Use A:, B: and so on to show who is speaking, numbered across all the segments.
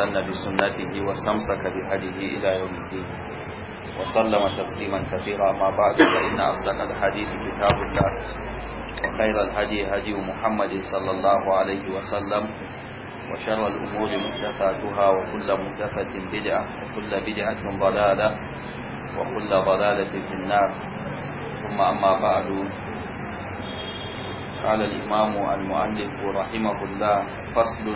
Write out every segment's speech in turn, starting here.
A: استنى بسنته واستمسك بهديه إلى يوم الدين وسلم تسليما كثيرا ما بعد فإن أصدق الحديث كتاب الله وخير الهدي هدي محمد صلى الله عليه وسلم وشر الأمور محدثاتها وكل محدثة بدعة وكل بدعة ضلالة وكل ضلالة في النار ثم أما بعد قال الإمام المؤلف رحمه الله فصل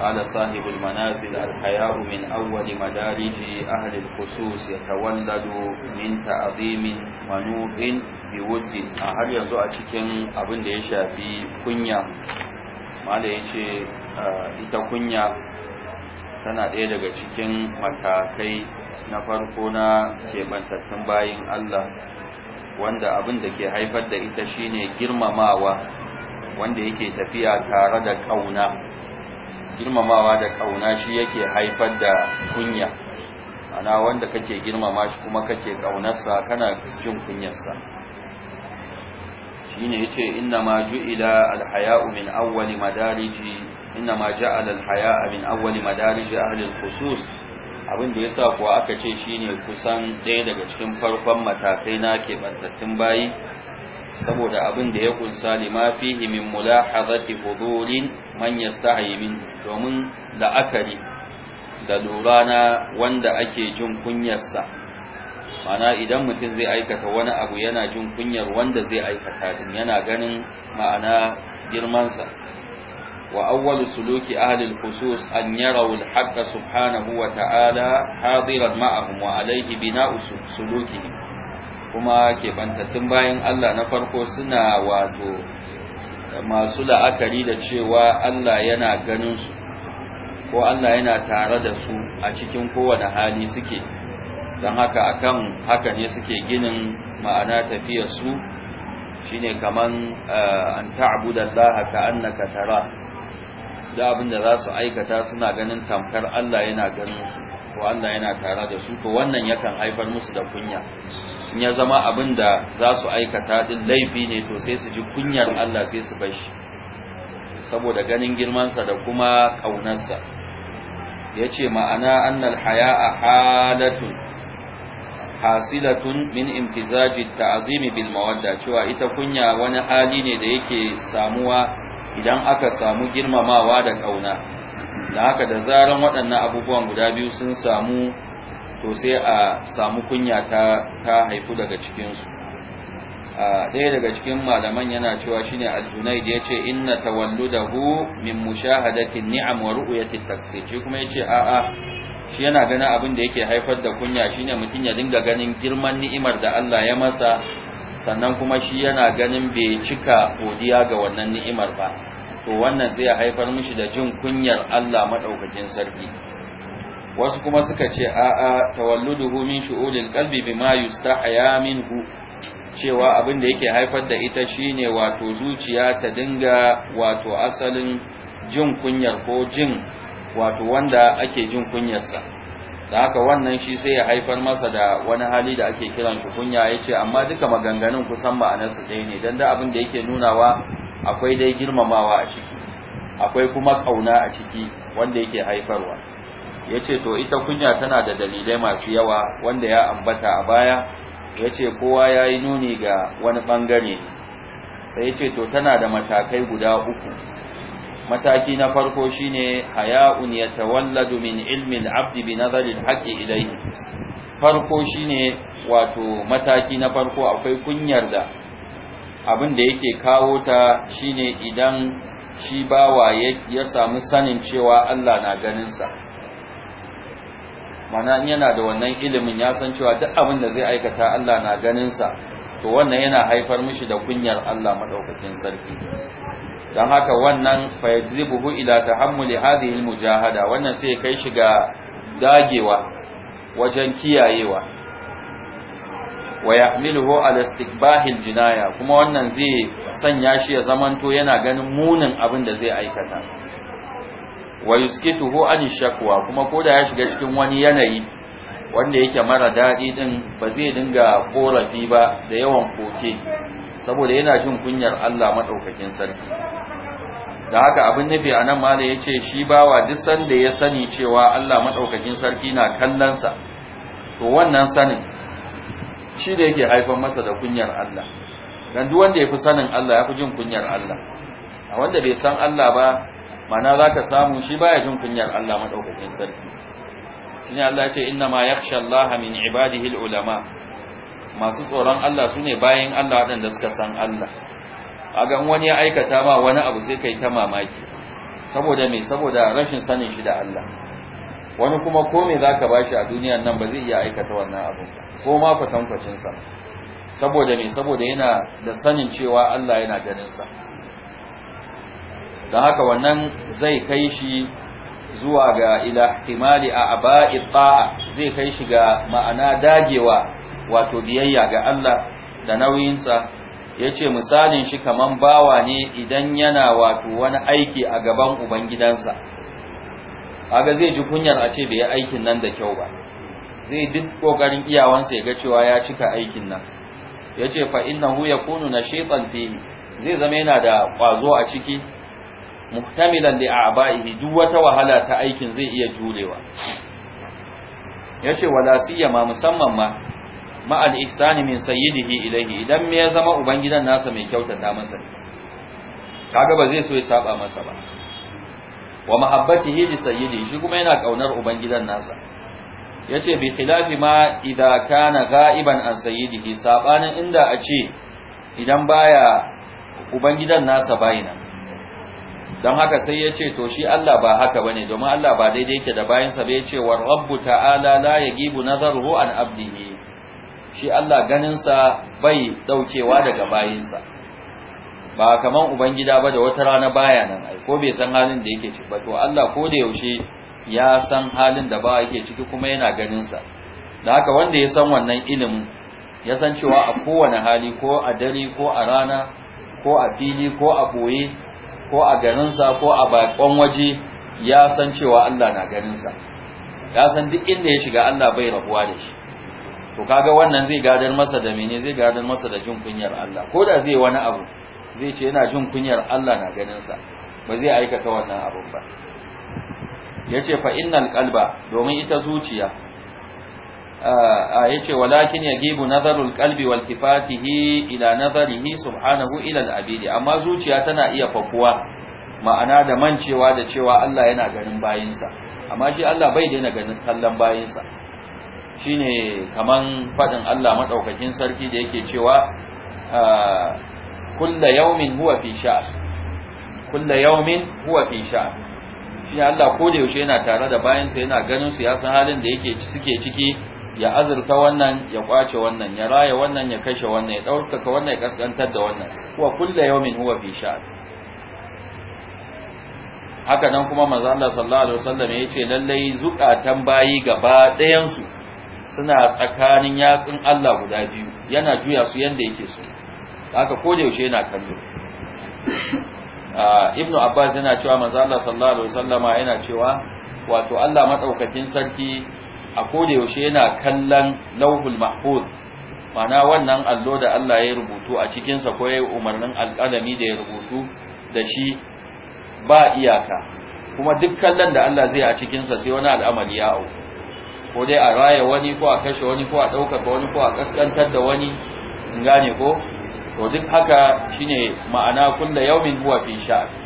A: قال صاحب المنازل الحياء من أول مدارج أهل الخصوص يتولد من تعظيم a har yanzu a cikin abin da ya shafi kunya mala yace ita kunya tana ɗaya daga cikin matakai na farko na kebantattun bayin Allah wanda abin da ke haifar da ita shine girmamawa wanda yake tafiya tare da kauna girmamawa da kauna shi yake haifar da kunya ana wanda kake girmama shi kuma kake kaunarsa kana jin kunyarsa shine yace inna ma ju'ila alhaya'u min awwali madariji inna ma ja'ala alhaya'a min awwali madariji ahli alkhusus abin da yasa kuwa aka ce shine kusan ɗaya daga cikin farkon matakai na bantattun bayi saboda abin da ya kunsa lima fihi min mulahadati hudurin man yastahi min domin la'akari da lura na wanda ake jin kunyarsa mana idan mutum zai aikata wani abu yana jin kunyar wanda zai aikata din yana ganin ma'ana girmansa wa awwal suluki ahli al-khusus an yaraw al haqq subhanahu wa ta'ala hadiran ma'ahum wa alayhi bina'u sulukihim kuma keɓantattun bayan Allah na farko suna wato masu la'akari da cewa Allah yana ganin su ko Allah yana tare da su a cikin kowane hali suke don haka akan haka ne suke ginin ma'ana tafiyar su shine kaman eh, an ta'budallaha ka'annaka tara da abin da za su aikata suna ganin tamkar Allah yana ganin su ko Allah yana tare da su ko wannan yakan haifar musu da kunya in ya zama abin da za su aikata din laifi ne to sai su ji kunyar Allah sai su bar shi saboda ganin girmansa da kuma ƙaunarsa ya ce ma'ana annal haya a halatun hasilatun min imtizaji ta'azimi bil mawadda cewa ita kunya wani hali ne da yake samuwa idan aka samu girmamawa da ƙauna da haka da zaran waɗannan abubuwan guda biyu sun samu to sai a samu kunya ta ta haifu daga cikinsu ɗaya daga cikin malaman yana cewa shine al-junaid yace inna tawalludahu min mushahadati ni'am wa ru'yati taksi shi kuma yace a'a shi yana ganin abin da yake haifar da kunya shine mutum ya dinga ganin girman ni'imar da Allah ya masa sannan kuma shi yana ganin bai cika godiya ga wannan ni'imar ba to wannan sai ya haifar mishi da jin kunyar Allah madaukakin sarki wasu kuma suka ce a'a tawalluduhu min shu'ulil qalbi bima yustahya minhu cewa abin da yake haifar da ita shine wato zuciya ta dinga wato asalin jin kunyar ko jin wato wanda ake jin kunyarsa da haka wannan shi sai ya haifar masa da wani hali da ake kiran shi kunya yace amma duka maganganun kusan ma'anarsu ɗaya ne dan da abin da yake nunawa akwai dai girmamawa a ciki akwai kuma kauna a ciki wanda yake haifarwa ya ce to ita kunya tana da dalilai masu yawa wanda ya ambata a baya ya ce kowa ya yi nuni ga wani ɓangare sai ya ce to tana da matakai guda uku mataki na farko shine haya'un ya tawalladu min ilmin abdi bi nazarin haƙi idai farko shine wato mataki na farko akwai kunyar da abin da yake kawo ta shine idan shi bawa ya samu sanin cewa Allah na ganinsa mana yana da wannan ilimin ya san cewa duk abin da zai aikata Allah na ganin sa to wannan yana haifar mishi da kunyar Allah madaukakin sarki dan haka wannan fayajzibuhu ila tahammuli hadhihi almujahada wannan sai kai shi ga dagewa wajen kiyayewa wa ya'miluhu ala istikbahi jinaya kuma wannan zai sanya shi ya zamanto yana ganin munin abin da zai aikata wa yuskituhu an shakwa kuma koda ya shiga cikin wani yanayi wanda yake mara daɗi din ba zai dinga korafi ba da yawan koke saboda yana jin kunyar Allah madaukakin sarki da haka abin nufi a nan da ya ce shi bawa duk sanda ya sani cewa Allah maɗaukakin sarki na kallonsa to wannan sanin shi da yake haifar masa da kunyar Allah dan duk wanda ya fi sanin Allah ya fi jin kunyar Allah a wanda bai san Allah ba mana za ka samu shi baya jin kunyar Allah maɗaukakin sarki shi ne Allah ce inna ma yakhsha Allah min ibadihi ulama masu tsoron Allah su ne bayan Allah waɗanda suka san Allah a gan wani ya aikata ma wani abu sai kai ta mamaki saboda me saboda rashin sanin shi da Allah wani kuma ko me za ka bashi a duniyar nan ba zai iya aikata wannan abu ko ma kwatankwacinsa saboda me saboda yana da sanin cewa Allah yana sa. don haka wannan zai kai shi zuwa ga ila ihtimali a aba'i ta'a zai kai shi ga ma'ana dagewa wato biyayya ga Allah da nauyinsa ya ce misalin shi kaman bawa ne idan yana wato wani aiki a gaban ubangidansa aga zai ji kunyar a ce bai aikin nan da kyau ba zai duk kokarin iyawansa ya ga cewa ya cika aikin nan ya ce fa innahu yakunu na shaitan zai zama yana da kwazo a ciki muhtamilan li a'ba'ihi duk wata wahala ta aikin zai iya jurewa yace wala ma musamman ma ma al ihsani min sayyidihi ilayhi idan me ya zama ubangidan nasa mai kyautata masa kaga ba zai so ya saba masa ba wa mahabbatihi li sayyidihi shi kuma yana kaunar ubangidan nasa yace bi khilafi ma idza kana ga'iban an sayyidihi sabanin inda a ce idan baya ubangidan nasa bayinan don haka sai ya ce to shi Allah ba haka bane domin Allah ba daidai yake da bayansa bai ce wa rabbu ta'ala la yagibu nazaruhu an abdihi shi Allah ganinsa bai daukewa daga bayinsa ba kaman ubangida ba da wata rana baya nan ai ko bai san halin da yake ciki ba to Allah ko da yaushe ya san halin da ba yake ciki kuma yana ganinsa da haka wanda ya san wannan ilimin ya san cewa a kowane hali ko a dare ko a rana ko a fili ko a boye ko a garinsa ko a bakon waje ya san cewa Allah na ganinsa ya san duk inda ya shiga Allah bai rabuwa da shi to kaga wannan zai gadar masa da mene zai gadar masa da jin kunyar Allah ko da zai wani abu zai ce yana jin kunyar Allah na ganinsa ba zai aikata wannan abun ba yace fa innal qalba domin ita zuciya a ce, walakin ya gibu nazarul kalbi wal kifatihi ila nazarihi subhanahu ila al abidi amma zuciya tana iya fakuwa ma'ana da mancewa da cewa Allah yana ganin bayinsa amma shi Allah bai daina ganin kallon bayinsa shine kaman faɗin Allah madaukakin sarki da yake cewa kullu yawmin huwa fi sha. kullu yawmin huwa fi sha. shi Allah ko da yaushe yana tare da bayinsa, yana ganin su ya san halin da yake suke ciki ya azurta wannan ya kwace wannan ya raya wannan ya kashe wannan ya ɗaukaka wannan ya kaskantar da wannan kuwa kulla yawmin huwa fi sha'an haka nan kuma manzo Allah sallallahu alaihi wasallam ya ce lallai zukatan bayi gaba ɗayan su suna tsakanin yatsun Allah guda biyu yana juya su yanda yake so haka ko da yaushe yana kallo ah, ibnu abbas yana cewa manzo Allah sallallahu alaihi wasallama yana cewa wato Allah madaukakin sarki a koda yaushe yana kallon lauhul mahfuz mana wannan allo da Allah ya rubutu a cikinsa, ko ya yi umarnin alƙalami da ya rubutu da shi ba iyaka kuma duk kallon da Allah zai a cikinsa sai wani al'amari ya au ko dai a raya wani ko a kashe wani ko a ɗaukaka wani ko a kaskantar da wani in gane ko to duk haka shine ma'ana kulla yaumin huwa fi sha'an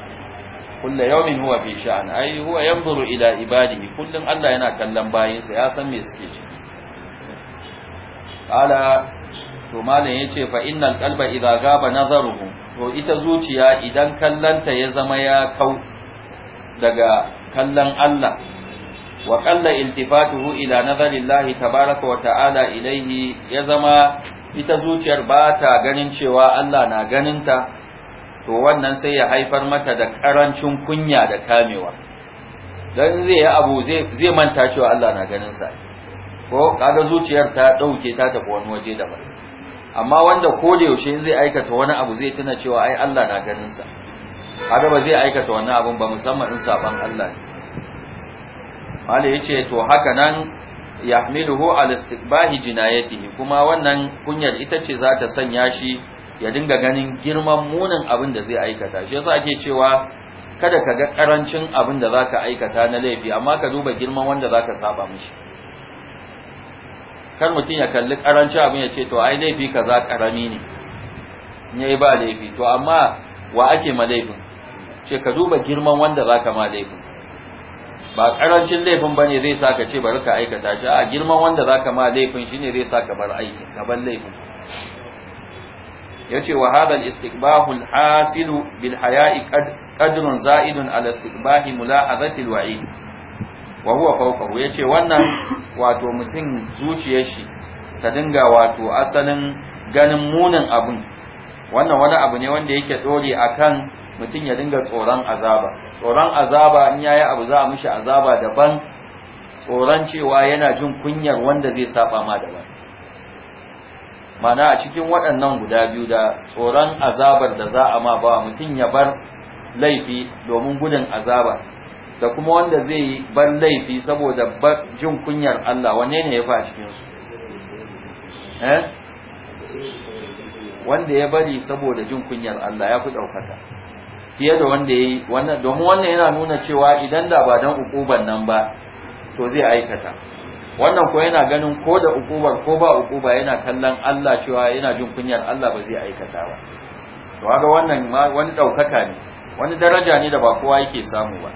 A: kullu yawmin huwa fi sha'an ai huwa yanzuru ila ibadihi kullun Allah yana kallon bayinsa ya san me suke ciki ala to malam yace fa innal qalba idza gaba nazaruhu to ita zuciya idan kallanta ya zama ya kau daga kallon Allah wa qalla iltifatuhu ila nazarillahi tabaraka wa ta'ala ilayhi ya zama ita zuciyar ba ta ganin cewa Allah na ganinta to wannan sai ya haifar mata da karancin kunya da kamewa don zai yi abu zai manta cewa Allah na ganin sa ko kaga zuciyar ta dauke ta tafi wani waje da bai. amma wanda ko da yaushe zai aikata wani abu zai tuna cewa ai Allah na ganin sa kaga ba zai aikata wani abu, ba musamman in saban Allah ne Allah yace to haka nan yahmiluhu al istiqbahi jinayatihi kuma wannan kunyar ita ce za ta sanya shi ya dinga ganin girman munin abin da zai aikata shi yasa ake cewa kada ka ga karancin abin da zaka aikata na laifi amma ka duba girman wanda zaka saba mishi Kan mutum ya kalli karancin abin ya ce to ai laifi kaza karami ne ne ba laifi to amma wa ake ma laifin ce ka duba girman wanda zaka ma laifin ba karancin laifin bane zai sa ka ce bari ka aikata shi a girman wanda zaka ma laifin shine zai sa ka bar aiki ka bar laifin yace wa hada al al-hasilu bil haya'i qadrun za'idun ala istiqbahi mulahazati al-wa'id wa huwa fawqahu yace wannan wato mutum zuciyar shi ta dinga wato asalin ganin munin abun wannan wani abu ne wanda yake a kan mutum ya dinga tsoron azaba tsoron azaba in ya yi abu za a mishi azaba daban tsoron cewa yana jin kunyar wanda zai saba ma daban mana a cikin waɗannan guda biyu da tsoron azabar da za a ma ba mutum ya bar laifi domin gudun azaba da kuma wanda zai yi bar laifi saboda jin kunyar Allah wanne ne ya fa cikinsu eh? wanda ya bari saboda jin kunyar Allah ya fi ɗaukata, fiye da wanda ya yi domin wannan yana nuna cewa idan da ba don ukuban nan ba to zai aikata wannan ko yana ganin ko da ukubar ko ba ukuba yana kallon Allah cewa yana jin kunyar Allah ba zai aikata ba to kaga wannan wani daukaka ne wani daraja ne da ba kowa yake samu ba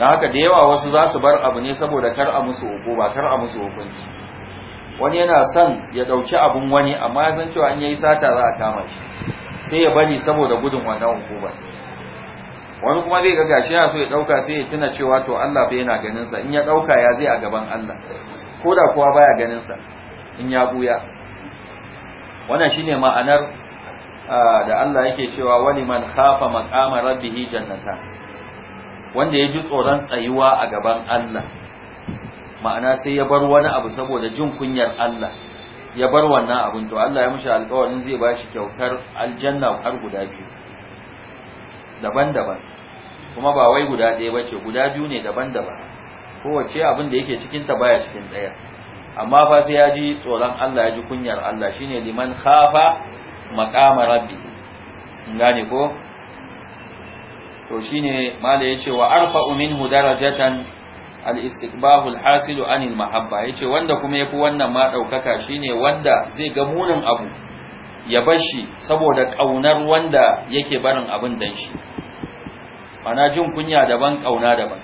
A: dan haka da yawa wasu za su bar abu ne saboda kar a musu ukuba kar a musu hukunci wani yana son ya dauki abun wani amma ya san cewa an yayi sata za a kama shi sai ya bari saboda gudun wannan ukubar. wani kuma zai ga gashi ya so ya dauka sai ya tuna cewa to Allah bai yana ganin sa in ya dauka ya zai a gaban Allah ko da kuwa baya ganin sa in ya buya wannan shine ma'anar da Allah yake cewa wani man khafa maqama rabbihi jannata wanda ya ji tsoron tsayuwa a gaban Allah ma'ana sai ya bar wani abu saboda jin kunyar Allah ya bar wannan abin to Allah ya mishi alƙawarin zai ba shi kyautar aljanna har guda biyu daban-daban kuma ba wai guda ɗaya ba ce guda biyu ne daban-daban kowace abin da yake cikinta baya cikin ɗaya amma fa sai ya ji tsoron Allah ya ji kunyar Allah shine liman khafa maqama rabbi gane ko to shine mala yace wa arfa'u minhu darajatan al-istiqbahu al-hasilu anil mahabba yace wanda kuma yafi wannan ma daukaka shine wanda zai ga munin abu ya bar shi saboda kaunar wanda yake barin abin dan shi mana jin kunya daban ƙauna daban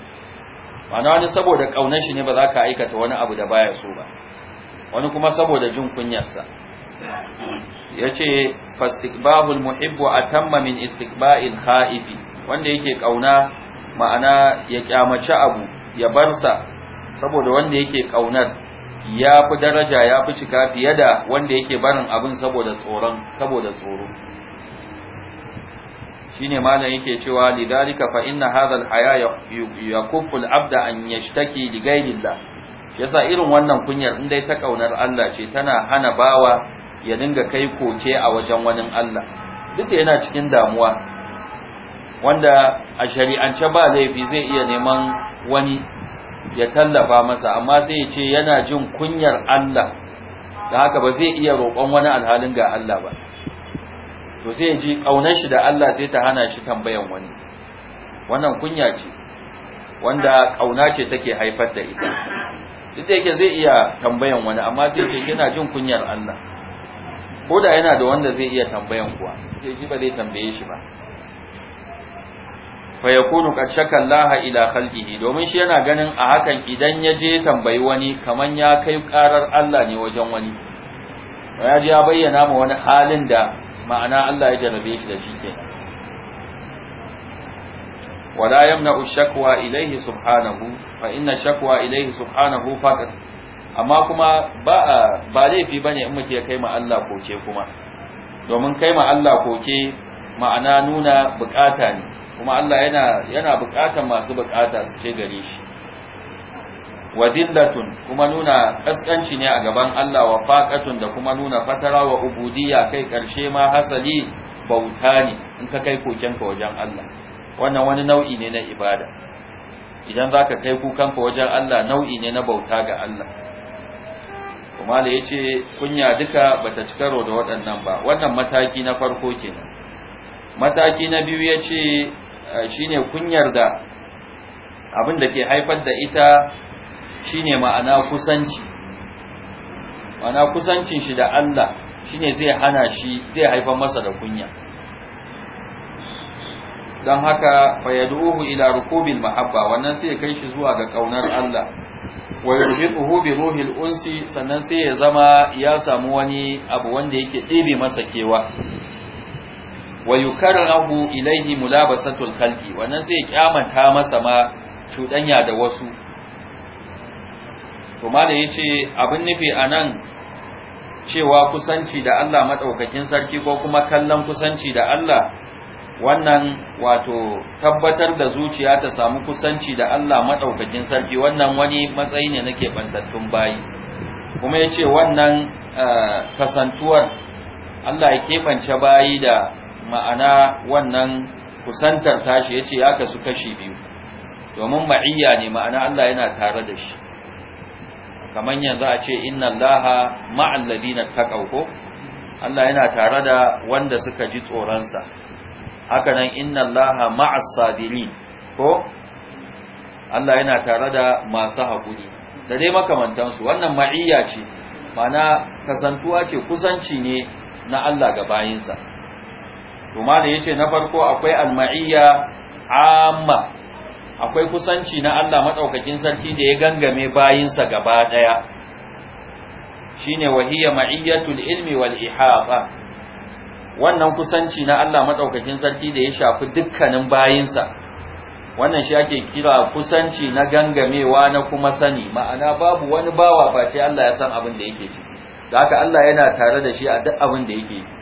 A: mana wani saboda ƙaunar shi ne ba za ka aikata wani abu da baya so ba wani kuma saboda jin kunyarsa ya ce fastikbahul muhibbu a tamma min istikba'il ha'ifi wanda yake ƙauna ma'ana ya kyamaci abu ya barsa saboda wanda yake ƙaunar ya fi daraja ya fi cika fiye da wanda yake barin abin saboda tsoron saboda tsoro shine malam yake cewa lidalika fa inna hadha alhaya yakuffu Abda an yashtaki li ghayrillah yasa irin wannan kunyar in dai ta kaunar Allah ce tana hana bawa ya dinga kai koke a wajen wani Allah duk da yana cikin damuwa wanda a shari'ance ba laifi zai iya neman wani ya tallafa masa amma sai ya ce yana jin kunyar Allah da haka ba zai iya roƙon wani alhalin ga Allah ba to sai ya ji ƙaunar shi da Allah sai ta hana shi tambayan wani wannan kunya ce wanda ƙauna ce take haifar da ita duk da yake zai iya tambayan wani amma sai ya ce yana jin kunyar Allah ko da yana da wanda zai iya tambayan kuwa sai ji ba zai tambaye shi ba fa kunu ka shakka Allah ila khalqihi domin shi yana ganin a hakan idan ya je tambayi wani kaman ya kai karar Allah ne wajen wani ya ji ya bayyana ma wani halin da ma'ana Allah ya jarabe shi da shi kenan ولا يمنع ilayhi subhanahu fa inna shakwa ilayhi subhanahu faqat amma kuma ba ba laifi bane in muke kai ma Allah koke kuma domin kai ma Allah koke ma'ana nuna bukata ne kuma Allah yana yana bukatar masu buƙata su ce gare shi wadillatun kuma nuna kaskanci ne a gaban Allah wa faqatun da kuma nuna fatara wa ubudiyya kai karshe ma hasali bauta ne in ka kai kokenka wajen Allah wannan wani nau'i ne na ibada idan zaka kai kukanka wajen Allah nau'i ne na bauta ga Allah kuma da yace kunya duka bata ci karo da waɗannan ba wannan mataki na farko kenan mataki na biyu ya ce shi ne kunyar da abin da ke haifar da ita shine ma'ana kusanci ma'ana kusancin shi da Allah shi ne zai hana shi zai haifar masa da kunya don haka fayaduhu ila rukubil mahabba wannan sai kai shi zuwa ga kaunar Allah wa yurhiquhu bi ruhil unsi sannan sai ya zama ya samu wani abu wanda yake ɗebe masa kewa wa yukarrahu ilaihi mulabasatul khalqi wannan zai kyamata masa ma cudanya da wasu to yace abin nufi a nan cewa kusanci da Allah madaukakin sarki ko kuma kallon kusanci da Allah wannan wato tabbatar da zuciya ta samu kusanci da Allah maɗaukakin sarki wannan wani matsayi ne nake bantattun bayi kuma yace wannan eh, kasantuwar Allah ya kebance bayi da ma'ana wannan kusantar tashi ya ce ya kasu kashi biyu domin ma'iyya ne ma'ana Allah yana tare da shi kamar yanzu a ce inna Allah ma'al ladina taqaw ko Allah yana tare da wanda suka ji tsoronsa? sa haka nan inna Allah ma'as ko Allah yana tare da masu haƙuri. da dai makamantan su wannan ma'iyya ce ma'ana kasantuwa ce kusanci ne na Allah ga bayinsa to ya yace na farko akwai alma'iyya amma akwai kusanci na Allah madaukakin sarki da ya gangame bayinsa gaba daya shine wahiya ma'iyyatul ilmi wal ihaba wannan kusanci na Allah madaukakin sarki da ya shafi dukkanin bayinsa wannan shi ake kira kusanci na gangamewa na kuma sani ma'ana babu wani bawa face Allah ya san abin da yake ciki da haka Allah yana tare da shi a duk abin da yake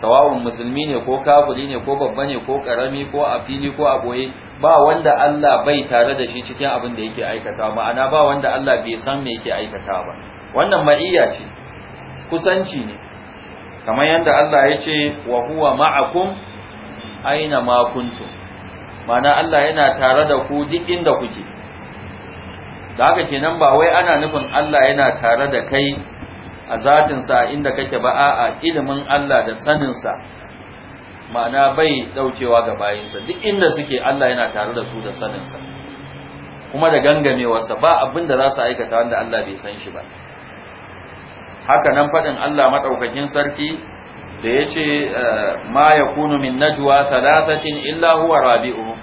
A: sawawun musulmi ne ko kafiri ne ko babba ne ko karami ko a fili ko a boye ba wanda Allah bai tare da shi cikin abin da yake aikata ma'ana ba wanda Allah bai san me yake aikata ba wannan ma'iyya ce kusanci ne kamar yadda Allah ya ce wa huwa ma'akum aina ma kuntum ma'ana Allah yana tare da ku duk inda kuke da haka kenan ba wai ana nufin Allah yana tare da kai a zatinsa a inda kake ba a ilimin Allah da saninsa ma'ana bai daukewa ga bayinsa duk inda suke Allah yana tare da su da saninsa kuma da gangamewarsa ba abin da za su aikata wanda Allah bai san shi ba haka nan faɗin Allah maɗaukakin sarki da ya ce eh, ma ya kunu min najwa talatatin illa huwa rabi'u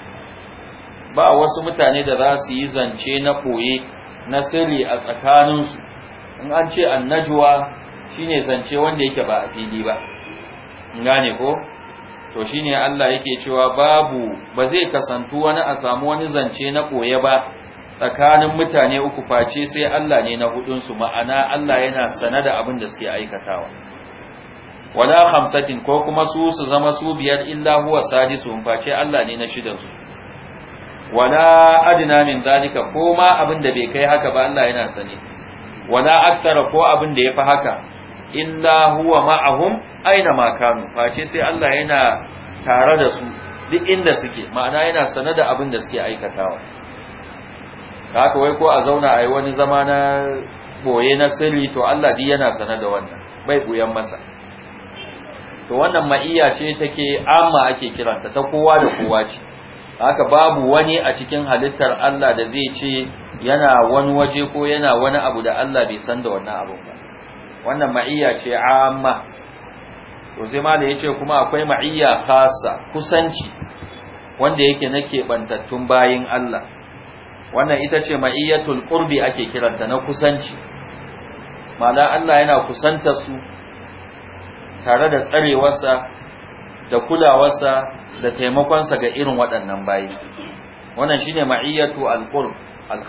A: ba wasu mutane da za su yi zance na koye na sirri a tsakaninsu in an ce annajuwa shine zance wanda yake ba a fili ba in gane ko to shine Allah yake cewa babu ba zai kasantu wani a samu wani zance na koye ba tsakanin mutane uku face sai Allah ne na hudun su ma'ana Allah yana sana da abin da suke aikatawa wala khamsatin ko kuma su su zama su biyar illa huwa sadisu face Allah ne na shidan su wala adna min zalika ko ma abin da bai kai haka ba Allah yana sane wala aktara ko abin da yafi haka illa huwa ma'ahum aina ma kanu face sai Allah yana tare da su duk inda suke ma'ana yana sane da abin da suke aikatawa haka wai ko a zauna a yi wani zama na boye na sirri to Allah duk yana sane da wannan bai buyan masa to wannan ma'iyya ce take amma ake kiranta ta kowa da kowa ce haka babu wani a cikin halittar Allah da zai ce yana wani waje ko yana wani abu da Allah bai san da wannan abu? ba wannan ma'iyya ce amma to sai malai yace kuma akwai ma'iyya khassa kusanci wanda yake na keɓantattun bayin Allah wannan ita ce ma'iyyatul qurbi ake kiranta na kusanci mala Allah yana kusanta su tare da tsarewarsa da kulawarsa da taimakonsa ga irin waɗannan bayi wannan shine ma'iyatu al-qurb al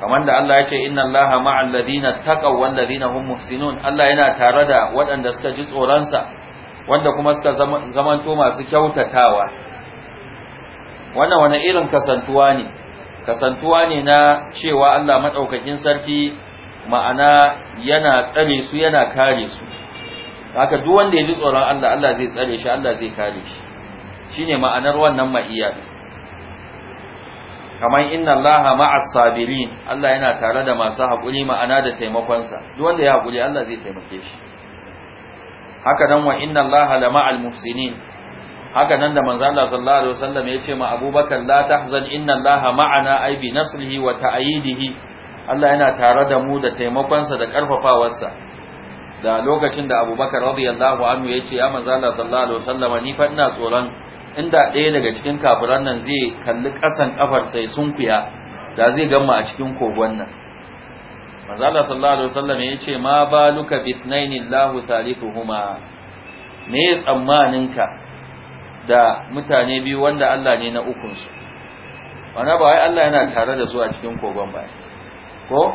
A: kamar da Allah yake inna Allaha ma'al ladina taqaw wal ladina hum muhsinun Allah yana tare da waɗanda suka ji tsoron sa wanda kuma suka zamanto masu kyautatawa wannan wani irin kasantuwa ne kasantuwa ne na cewa Allah madaukakin sarki ma'ana yana tsare su yana kare su haka duk wanda ya ji tsoron Allah Allah zai tsare shi Allah zai kare shi shine ma'anar wannan ma'iyyar. kamar inna allaha ma'as sabirin Allah yana tare da masu haƙuri ma'ana da taimakonsa duk wanda ya haƙuri Allah zai taimake shi haka nan wa inna allaha la ma'al muhsinin haka nan da manzo Allah sallallahu alaihi wasallam ya ce ma Abubakar la tahzan inna allaha ma'ana ai bi nasrihi wa ta'idihi Allah yana tare da mu da taimakonsa da karfafawarsa da lokacin da abubakar radiyallahu anhu ya ce ya manzala sallallahu alaihi wasallam ni fa ina tsoron inda ɗaya daga cikin kafiran nan zai kalli ƙasan ƙafar sai sun kuya, da zai gama a cikin kogon nan mazala sallallahu alaihi wasallam ya ce ma baluka bitnaini Allahu talifuhuma me ka da mutane biyu wanda Allah ne na ukun su wanda ba wai Allah yana tare da su a cikin kogon ba ko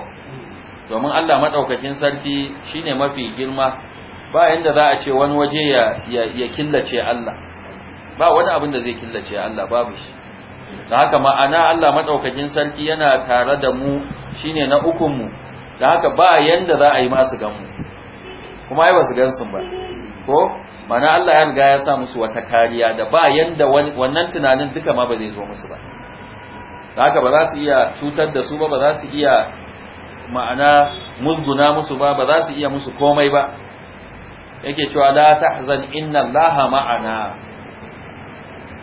A: domin Allah madaukakin sarki shine mafi girma ba yanda za a ce wani waje ya ya killace Allah ba wani abin da zai killace Allah babu shi da haka ma'ana Allah madaukakin sarki yana tare da mu shine na ukun mu da haka ba yanda za a yi masu gan mu kuma ai ba su gan sun ba ko mana Allah ya riga ya sa musu wata kariya da ba yanda wannan tunanin duka ma ba zai zo musu ba da haka ba za su iya cutar da su ba ba za su iya ma'ana muzguna musu ba ba za su iya musu komai ba yake cewa la tahzan inna allaha ma'ana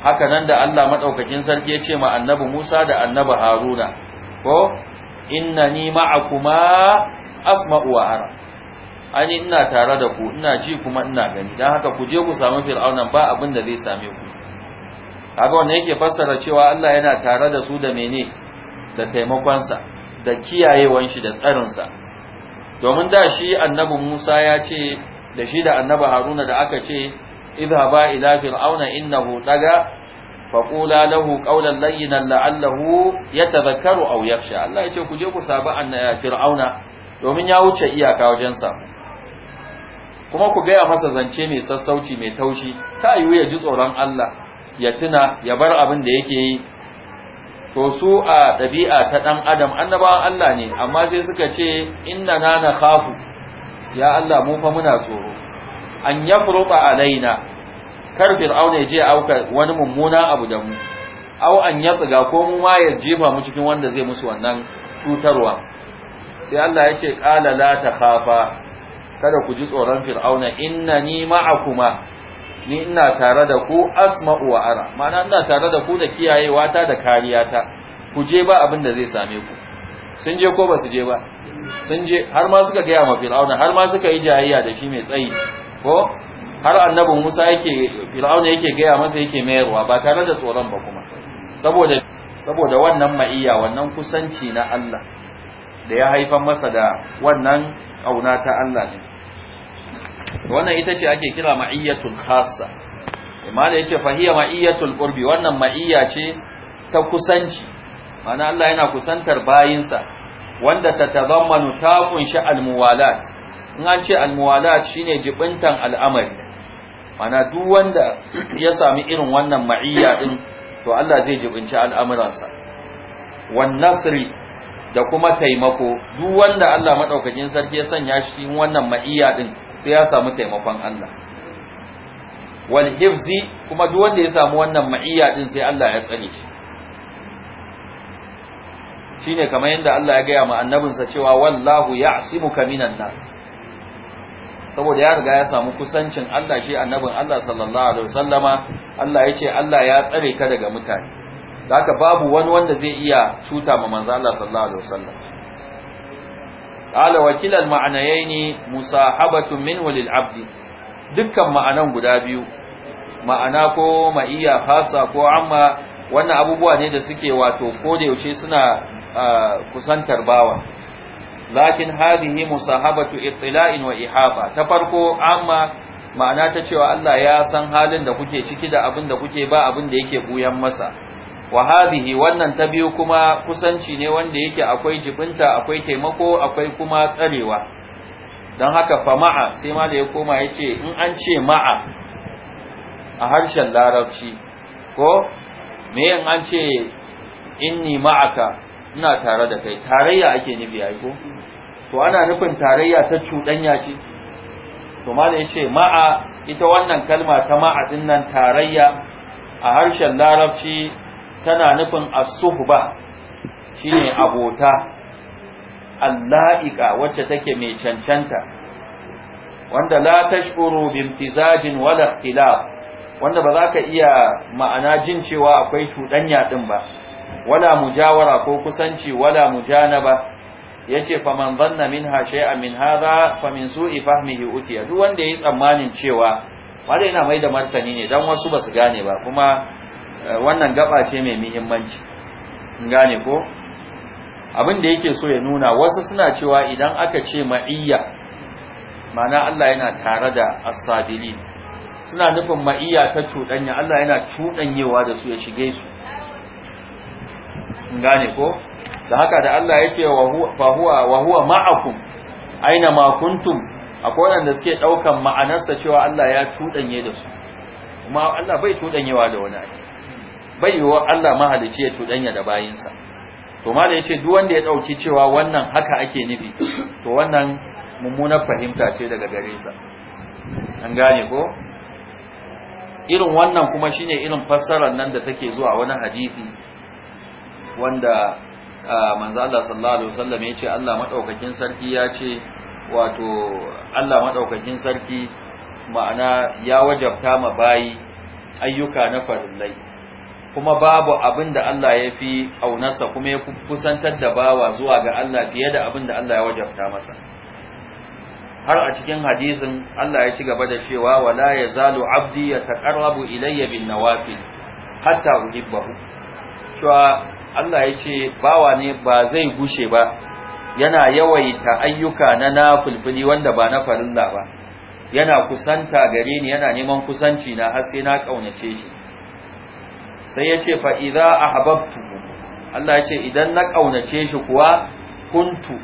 A: haka nan da Allah madaukakin sarki ya ce ma annabi Musa da annabi Haruna ko Inna ni ma'akuma asma'u wa ara ani ina tare da ku ina ji kuma ina gani dan haka ku je ku sami fir'auna ba abin da zai same ku kaga wannan yake fassara cewa Allah yana tare da su da mene da taimakon sa da kiyayewan shi da tsarin domin da shi annabi Musa ya ce da shi da annabi Haruna da aka ce idhaba ila fir'auna انه طغى فقولا له ƙaunar لينا la'allahu يتذكر tazakaru يخشى الله Allah كوجي كو ku je ku sabi fir'auna domin ya wuce iyaka wajen kuma ku gaya masa zance mai sassauci mai taushi ta yi ya ji tsoron Allah ya tuna ya bar abin da yake yi to su a dabi'a ta ɗan adam annabawan Allah ne amma sai suka ce inna na na ya Allah mu fa muna tsoro an a alaina kar fir'auna ya je auka wani mummuna abu da mu aw an tsiga ko mu ma ya jefa mu cikin wanda zai musu wannan cutarwa sai Allah ya ce qala la takhafa kada ku ji tsoron fir'auna ni ma'akuma ni ina tare da ku asma'u wa ara ma'ana ina tare da ku da kiyayewa ta da kariyata ku je ba abin da zai same ku sun je ko ba su je ba sun je har ma suka gaya ma fir'auna har ma suka yi jayayya da shi mai tsayi ko har annabi Musa yake Fir'auna yake gaya masa yake mayarwa ba tare da tsoron ba kuma saboda saboda wannan ma'iyya wannan kusanci na Allah da ya haifar masa da wannan kauna ta Allah ne wannan ita ce ake kira ma'iyatul khassa imana yace fahiya ma'iyyatul qurbi wannan ma'iyya ce ta kusanci Ma'ana Allah yana kusantar bayinsa wanda ta tazammanu ta kunshi almuwalat in an ce almuwala shine jibintan al'amari mana duk wanda ya sami irin wannan ma'iyya din to Allah zai jibinci al'amuransa wan nasri da kuma taimako duk wanda Allah madaukakin sarki ya sanya shi wannan ma'iyya din sai ya samu taimakon Allah wal hifzi kuma duk wanda ya samu wannan ma'iyya din sai Allah ya tsare shi shine kamar yadda Allah ya gaya ma annabinsa cewa wallahu ya'simuka minan nas saboda ya riga ya samu kusancin Allah shi annabin Allah sallallahu alaihi wasallama Allah ya Allah ya tsare ka daga mutane haka babu wani wanda zai iya cuta ma manzo Allah sallallahu alaihi wasallam qala al ma'anayaini musahabatu minhu lil abdi dukkan ma'anan guda biyu ma'ana ko ma'iya Fasa ko amma wannan abubuwa ne da suke wato ko da yaushe suna ah, kusantar bawa lakin hadihi musahabatu ittila'in wa ihaba ta farko amma ma'ana ta cewa Allah ya san halin da kuke ciki da abin da kuke ba abin da yake buyan masa wa hadihi wannan ta biyu kuma kusanci ne wanda yake akwai jibinta akwai taimako akwai kuma tsarewa don haka fa ma'a sai ma da ya koma yace in an ce ma'a a harshen larabci ko me in an ce inni ma'aka ina tare da kai tarayya ake nufi ai ko to ana nufin tarayya ta cuɗanya ce to ma ce ma'a ita wannan kalma ta ma'a din nan tarayya a harshen larabci tana nufin as-suhba shine abota al-la'iqa wacce take mai cancanta wanda la tashkuru bimtizajin wala ikhtilaf wanda ba za ka iya ma'ana jin cewa akwai cuɗanya din ba wala mujawara ko kusanci wala mujanaba yace faman dhanna minha shay'an min hadha min su'i fahmihi utiya duk wanda yayi tsammanin cewa wanda yana mai da martani ne dan wasu basu gane ba kuma eh, wannan gaba ce mai muhimmanci gane ko abin da yake so ya nuna wasu suna cewa idan aka ce ma'iyya ma'ana Allah yana tare da as suna nufin ma'iyya ta cuɗanya Allah yana cuɗanyewa da su ya shige su gane ko da haka da Allah ya ce wa huwa ma'akum aina ma kuntum akwai wanda suke daukan ma'anarsa cewa Allah ya tudanye da su kuma Allah bai tudanyewa da wani bai yiwa Allah mahalicci ya tudanya da bayinsa to malai yace duk wanda ya dauki cewa wannan haka ake nufi to wannan mummunar fahimta ce daga gare sa an gane ko irin wannan kuma shine irin fassarar nan da take zuwa wani hadisi wanda manzo Allah sallallahu alaihi wasallam ya ce Allah madaukakin sarki ya ce wato Allah madaukakin sarki ma'ana ya wajabta ma bayi ayyuka na farillai kuma babu abin da Allah ya fi aunarsa kuma ya kusantar da bawa zuwa ga Allah fiye da abin da Allah ya wajabta masa har a cikin hadisin Allah ya ci gaba da cewa wala yazalu abdi yataqarrabu ilayya bin nawafil hatta uhibbahu cewa Allah ya ce bawa ne ba zai gushe ba yana yawaita ayyuka na nafulfuli wanda ba na farilla ba yana kusanta gare ni yana neman kusanci na har sai na kaunace shi sai ya ce fa idza ahbabtu Allah ya ce idan na kaunace shi kuwa kuntu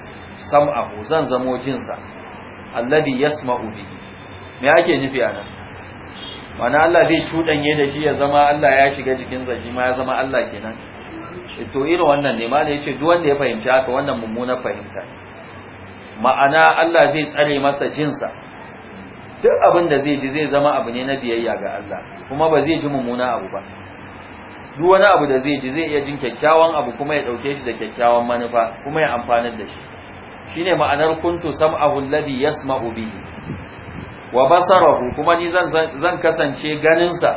A: sam'ahu zan zamo jinsa alladhi yasma'u bi me ake nufi anan mana Allah zai cudanye da shi ya zama Allah ya shiga jikin zaji ma ya zama Allah kenan to irin wannan ne ma yace duk wanda ya fahimci haka wannan mummunar fahimta ma'ana Allah zai tsare masa jinsa duk abin da zai ji zai zama abu ne na biyayya ga Allah kuma ba zai ji mummuna abu ba duk wani abu da zai ji zai iya jin kyakkyawan abu kuma ya dauke shi da kyakkyawan manufa kuma ya amfana da shi shine ma'anar kuntu sam'ahu alladhi yasma'u bihi wa basarahu kuma ni zan zan kasance ganin sa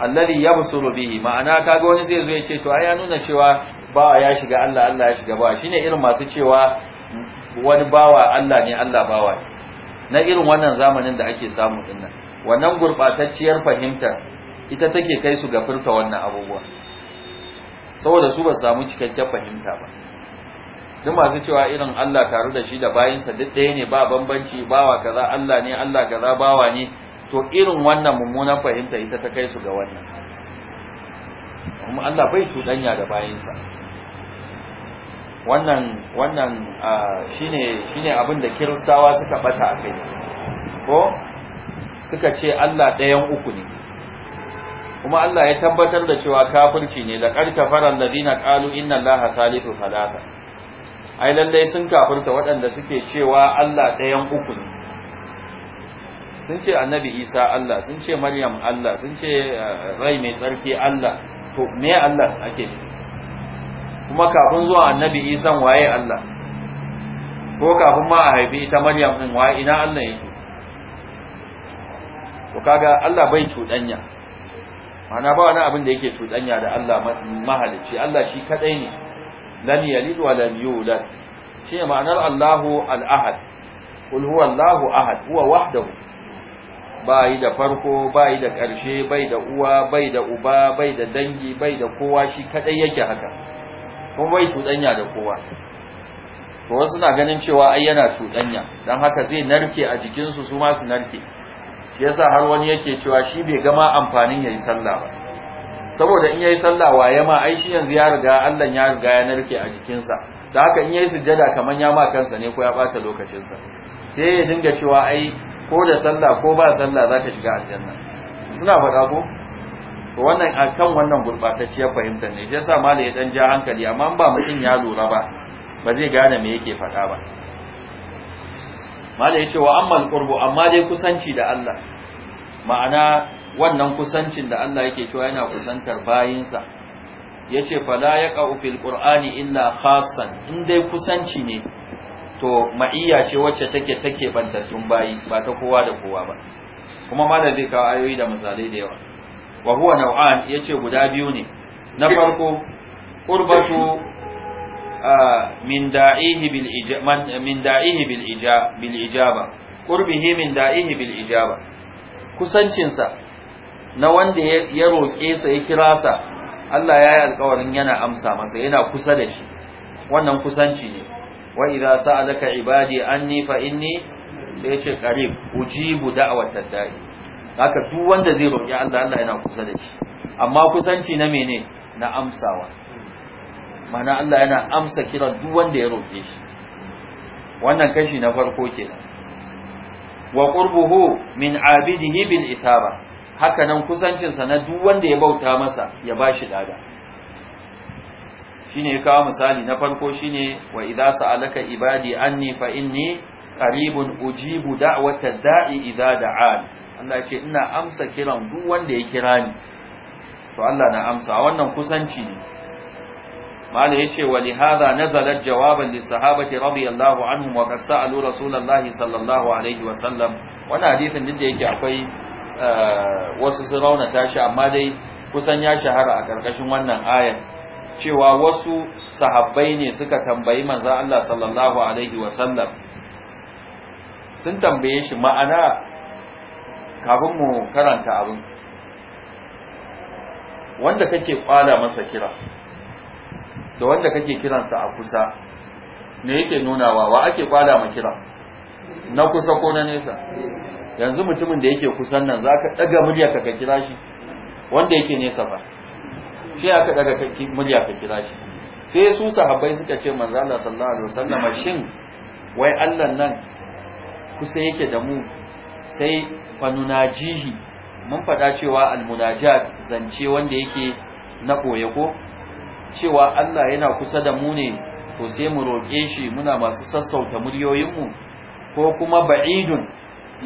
A: alladhi yabsuru bihi ma'ana kaga wani zai zo ya ce to ai ya nuna cewa bawa ya shiga Allah Allah ya shiga bawa shine irin masu cewa wani bawa Allah ne Allah bawa ne na irin wannan zamanin da ake samu dinnan wannan gurbatacciyar fahimta ita take kai su ga furta wannan abubuwa saboda su ba su samu cikakken fahimta ba duk masu cewa irin Allah karu da shi da bayinsa duk ɗaya ne ba bambanci bawa kaza Allah ne Allah kaza bawa ne to irin wannan mummunan fahimta ita ta kai su ga wannan kuma Allah bai cuɗanya da bayansa wannan wannan shine shine abin da kiristawa suka bata a kai ko suka ce Allah ɗayan uku ne kuma Allah ya tabbatar da cewa kafirci ne da faran da dina ƙalu inna allaha salisu thalatha ai lallai sun kafirta waɗanda suke cewa Allah ɗayan uku ne sun ce annabi isa Allah sun ce maryam Allah sun ce eh, rai mai tsarki Allah to me Allah ake nufi kuma kafin zuwa annabi isa waye Allah ko kafin ma a haifi ita maryam din waye ina Allah yake to kaga Allah bai cuɗanya ma'ana ba wani abin da yake cuɗanya da Allah mahalicci Allah shi kadai ne lam yalid wa lam yulad shi ma'anar Allahu al-ahad qul huwa Allahu ahad huwa wahdahu bai da farko bai da ƙarshe bai da uwa bai da uba bai da dangi bai da kowa shi kadai yake haka kuma bai cuɗanya da kowa to wasu na ganin cewa ai yana cuɗanya dan haka zai narke a jikinsu su ma su narke shi yasa har wani yake cewa shi bai gama amfanin yayi sallah ba saboda in yayi sallah waye ma ai shi yanzu ya riga Allah ya riga ya narke a jikinsa da haka in yayi sujjada kaman ya ma kansa ne ko ya bata lokacinsa sai ya dinga cewa ai ko da sallah ko ba sallah zaka shiga aljanna suna faɗa ko to wannan akan wannan gurbatacciyar fahimtar ne shi yasa malai ya dan ja hankali amma ba mutum ya lura ba ba zai gane me yake faɗa ba malai ya ce wa ammal alqurbu amma dai kusanci da Allah ma'ana wannan kusancin da Allah yake cewa yana kusantar bayinsa yace fala yaqa fil qur'ani illa khassan in dai kusanci ne to ma'iyya ce wacce take take bantattun bayi ba ta kowa da kowa ba kuma da zai kawo ayoyi da misalai da yawa wa huwa nau'an yace guda biyu ne na farko qurbatu min da'ihi bil ijaba min da'ihi bil ijaba bil ijaba qurbihi min da'ihi bil ijaba kusancin sa na wanda ya roƙe sa ya kira sa Allah ya yi alƙawarin yana amsa masa yana kusa da shi wannan kusanci ne wa idza sa'alaka ibadi anni fa inni sai ce qarib ujibu da'wat da'i haka duk wanda zai roki Allah Allah yana kusa da shi amma kusanci na mene na amsawa mana Allah yana amsa kiran duk wanda ya roke shi wannan kashi na farko kenan wa qurbuhu min abidihi bil itaba haka nan kusancinsa na duk wanda ya bauta masa ya bashi dada
B: shine ya kawo misali na farko shine wa idza sa'alaka ibadi anni fa inni
A: qaribun ujibu da'wata da'i idza da'an Allah ce ina amsa kiran duk wanda ya kira ni to Allah na amsa wannan kusanci ne mala yace wa li hadha jawaban li sahabati radiyallahu anhum wa qad sa'alu rasulullahi sallallahu alaihi wa sallam wannan hadisin din da yake akwai eh, wasu sirauna tashi amma dai kusan ya shahara a karkashin wannan ayat cewa wasu sahabbai ne suka tambayi manzo Allah sallallahu alaihi wasallam sun tambaye shi ma'ana kafin mu karanta abin wanda kake kwala masa kira da wanda kake kiransa a kusa ne yake nuna wa ake kwala ma kira na kusa ko na nesa yanzu mutumin da yake kusan nan zaka daga murya ka kira shi wanda yake nesa ba shi aka daga murya ka kira shi sai su sahabbai suka ce manzo Allah sallallahu alaihi wasallam shin wai Allah nan kusa yake da mu sai fanunajihi mun faɗa cewa almunajat zance wanda yake na koye ko cewa Allah yana kusa da mu ne to sai mu roƙe shi muna masu sassauta muryoyin mu ko kuma ba'idun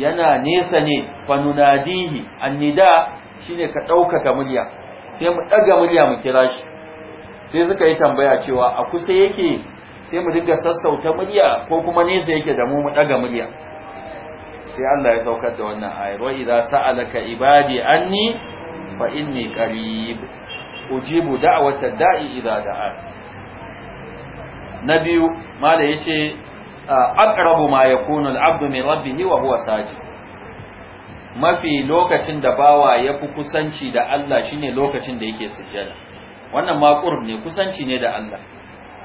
A: yana nesa ne fanunadihi annida shine ka ɗaukaka murya sai mu ɗaga murya mu kira shi sai suka yi tambaya cewa a kusa yake sai mu dinga sassauta murya ko kuma nesa yake da mu mu ɗaga murya sai Allah ya saukar da wannan ayar wa idza sa'alaka ibadi anni fa inni qarib ujibu da'wata da'i idza da'a na biyu mala yace aqrabu ma yakunu al-abdu min rabbihi wa huwa sajid mafi lokacin da bawa ya fi kusanci da Allah shi ne lokacin da yake sujjada wannan ma ne kusanci ne da Allah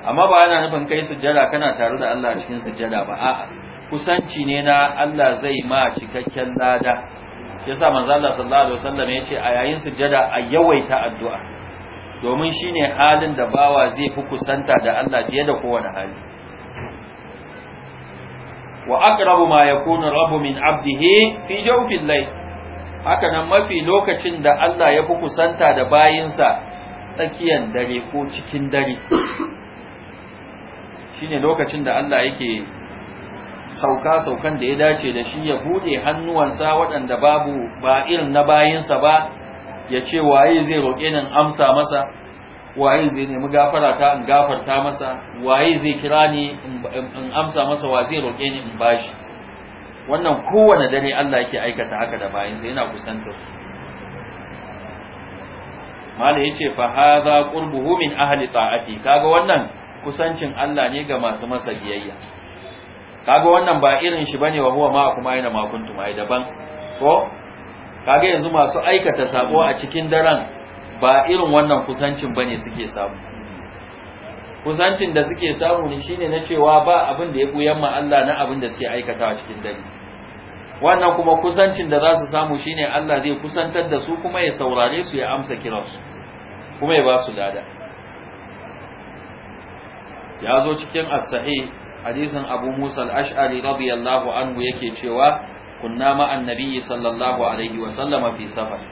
A: amma ba yana nufin kai sujjada kana tare da Allah cikin sujjada ba a'a kusanci ne na Allah zai ma cikakken lada yasa manzo Allah sallallahu alaihi wasallam ce a yayin sujjada a yawaita addu'a domin shine halin da bawa zai fi kusanta da Allah fiye da kowane hali wa aqrabu ma yakunu rabbu min abdihi fi jawfil layl haka nan mafi lokacin da Allah ya fi kusanta da bayinsa tsakiyar dare ko cikin dare shine lokacin da Allah yake sauka saukan da ya dace da shi ya bude hannuwansa waɗanda babu ba irin na bayinsa ba ya ce waye zai roƙe nan amsa masa waye zai nemi gafara ta in gafarta masa waye zai kira ni in amsa masa wa zai roƙe ni in bashi wannan kowane dare Allah yake aikata haka da bayansa yana kusantar su mala yace fa hadha qurbuhu min ahli ta'ati kaga wannan kusancin Allah ne ga masu masa biyayya kaga wannan ba irin shi bane wa huwa ma kuma yana ma kuntum ai daban ko kaga yanzu masu aikata sabo a cikin daren ba irin wannan kusancin ba ne suke samu kusancin da suke samu ne shine na cewa ba abin da ya buyan ma Allah na abin da suke aikatawa cikin dare wannan kuma kusancin da za su samu shine Allah zai kusantar da su kuma ya saurare su ya amsa kiransu kuma ya ba su lada ya zo cikin as-sahih Abu Musa al-Ash'ari radiyallahu anhu yake cewa kunna ma'an nabiyyi sallallahu alaihi wa sallama fi safar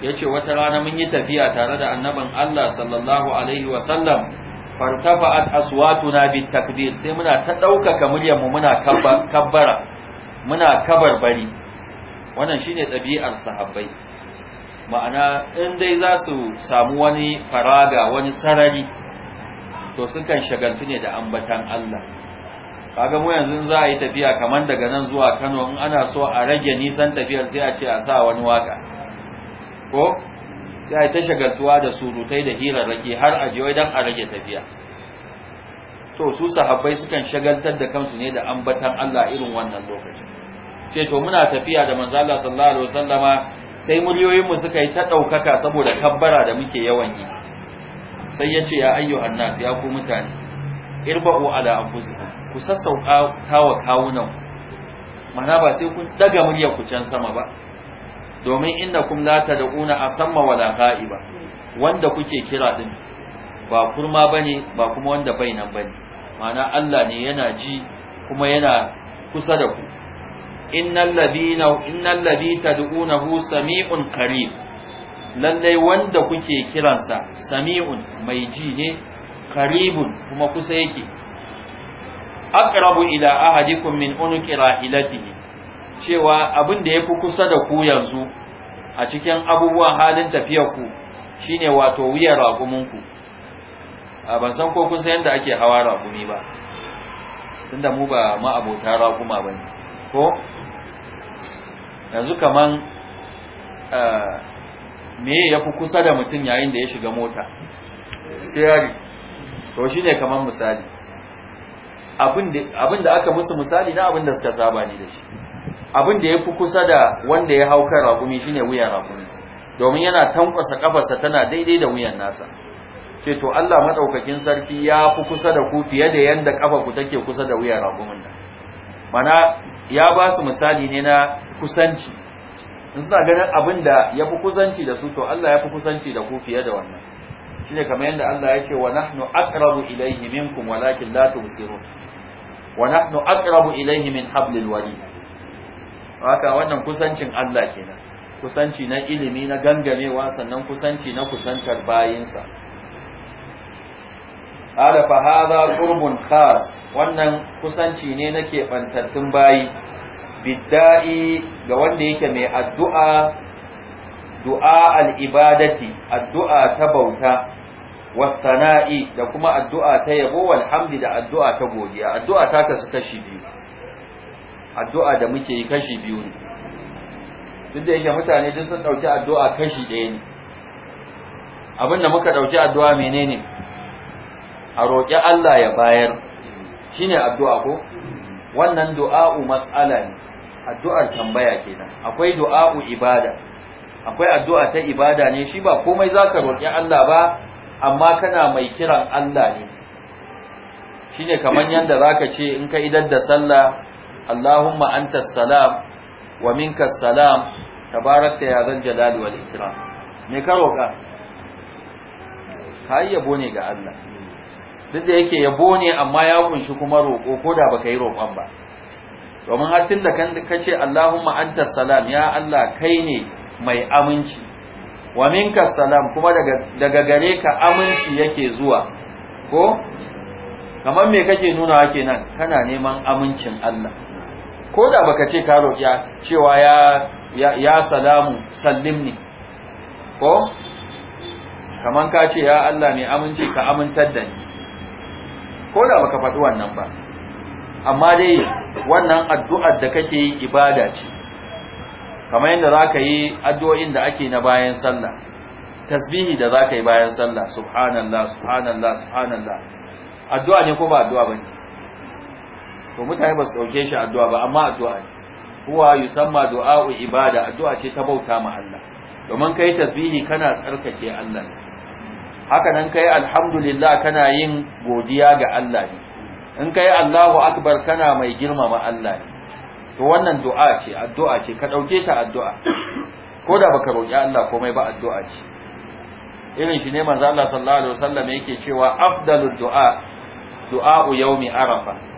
A: Ya ce wata rana mun yi tafiya tare da annaban Allah sallallahu alaihi wa sallam fartafa'at aswatuna bit takbir sai muna ta ɗaukaka muryar mu muna kabbara muna kabarbari wannan shine ɗabi'ar sahabbai ma'ana in dai za su samu wani faraga wani sarari to sukan shagaltu ne da ambatan Allah kaga mu yanzu za a yi tafiya kaman daga nan zuwa Kano in ana so a rage nisan tafiyar sai a ce a sa wani waka ko sai ta shagaltuwa da surutai da hirarraki har a jiwai don a rage tafiya to su sahabbai sukan shagaltar da kansu ne da ambatan Allah irin wannan lokacin ce to muna tafiya da manzo Allah sallallahu alaihi wasallama sai muryoyin suka yi ta ɗaukaka saboda kabbara da muke yawan yi sai yace ya ayyuhan nas ya ku mutane irba'u ala anfusikum ku sassauka tawa kawunan mana ba sai kun daga murya ku can sama ba domin inda kum la a asamma wala ghaiba wanda kuke kira din ba kurma bane ba kuma wanda bai nan bane ma'ana Allah ne yana ji kuma yana kusa da ku innal ladina innal ladhi tad'unahu sami'un qarib lalle wanda kuke kiransa sami'un mai ji ne qaribun kuma kusa yake aqrabu ila ahadikum min unqira ilatihi cewa abin da ya fi kusa da ku yanzu a cikin abubuwan halin tafiyarku shine wato wuyar raƙuminku a ban san ko kun san yadda ake hawa raƙumi ba tunda mu ba ma'abota raƙuma ba ne ko yanzu kaman me ya fi kusa da mutum yayin da ya shiga mota steering to shine kaman misali abin da aka musu misali na abin da suka saba ne da shi abin da ya fi kusa da wanda ya hau kan raƙumi shine wuyan ragumi domin yana tankwasa kafarsa tana daidai da wuyan nasa ce to Allah madaukakin sarki ya fi kusa da ku fiye da yanda kafa ku take kusa da wuyan ragumin nan mana ya ba su misali ne na kusanci in suna ganin abin da ya fi kusanci da su to Allah ya fi kusanci da ku fiye da wannan shine kamar yadda Allah ya ce wa nahnu aqrabu ilayhi minkum walakin la tubsirun wa nahnu aqrabu ilayhi min hablil warid haka wannan kusancin Allah kenan kusanci na ilimi na gangamewa sannan kusanci na kusantar bayinsa ala fa hadha qurbun khas wannan kusanci ne na keɓantattun bayi bidda'i ga wanda yake mai addu'a du'a al-ibadati addu'a ta bauta wasana'i da kuma addu'a ta yabo walhamdi da addu'a ta godiya addu'a ta kasu kashi biyu addu'a da muke yi kashi biyu ne duk da yake mutane duk sun ɗauki addu'a kashi ɗaya ne abin da muka ɗauki addu'a menene a roƙi Allah ya bayar shine addu'a ko wannan du'a'u mas'ala ne addu'ar tambaya kenan akwai du'a'u ibada akwai addu'a ta ibada ne shi ba komai zaka roƙi Allah ba amma kana mai kiran Allah ne shine kaman yanda zaka ce in ka idar da sallah Allahumma anta salam wa minka salam tabarakta ya zal jalali wal ikram me ka roka kai yabo ne ga Allah duk da yake yabo ne amma ya kunshi kuma roƙo, ko da baka yi roƙon ba domin har tun da ka ce Allahumma anta salam ya Allah kai ne mai aminci wa minka salam kuma daga daga gare ka aminci yake zuwa ko kamar me kake nuna wa kenan kana neman amincin Allah ko da baka ce ka roƙiya cewa ya ya salamu sallimni ko kaman ka ce ya Allah mai aminci ka amintar da ni ko da baka faɗi wannan ba amma dai wannan addu'ar da kake yi ibada ce kamar yadda za ka yi addu'o'in da ake na bayan sallah tasbihi da za ka yi bayan sallah subhanallah subhanallah subhanallah addu'a ne ko ba addu'a ba ne to mutane ba su dauke shi addu'a ba amma addu'a ne huwa yusamma du'a'u ibada addu'a ce ta bauta ma Allah domin kai tasbihi kana tsarkake Allah haka nan kai alhamdulillah kana yin godiya ga Allah ne in kai Allahu akbar kana mai girmama Allah ne to wannan du'a ce addu'a ce ka dauke ta addu'a ko da baka roki Allah komai ba addu'a ce irin shi ne manzo Allah sallallahu alaihi wasallam yake cewa afdalud du'a du'a yawmi arafa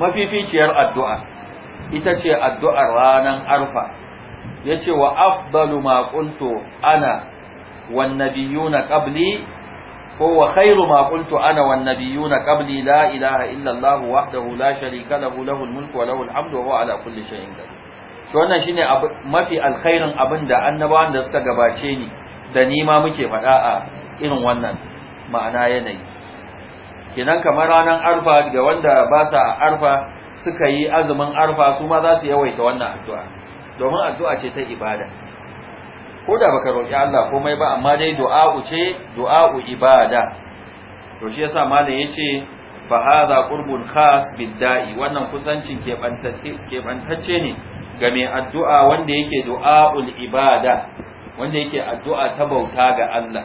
A: mafificiyar addu'a ita ce addu'ar ranar arfa ya ce wa afdalu ma ana wan nabiyuna ko wa khairu ma ana wan nabiyuna la ilaha illallahu, Allah wahdahu la sharika lahu lahul mulku wa lahul hamdu wa ala kulli shay'in qadir to wannan shine mafi alkhairin abinda annabawan da suka gabace ni da ni ma muke faɗa a irin wannan ma'ana yanayi kenan kamar ranar arfa ga wanda ba sa arfa suka yi azumin arfa su ma za su yawaita wannan addu'a domin addu'a ce ta ibada ko da baka roƙi Allah komai ba amma dai du'a'u ce du'a'u ibada to shi yasa malam yace fa hadha qurbun khas bid wannan kusancin keɓantacce ne ga mai addu'a wanda yake du'a'ul ibada wanda yake addu'a ta bauta ga Allah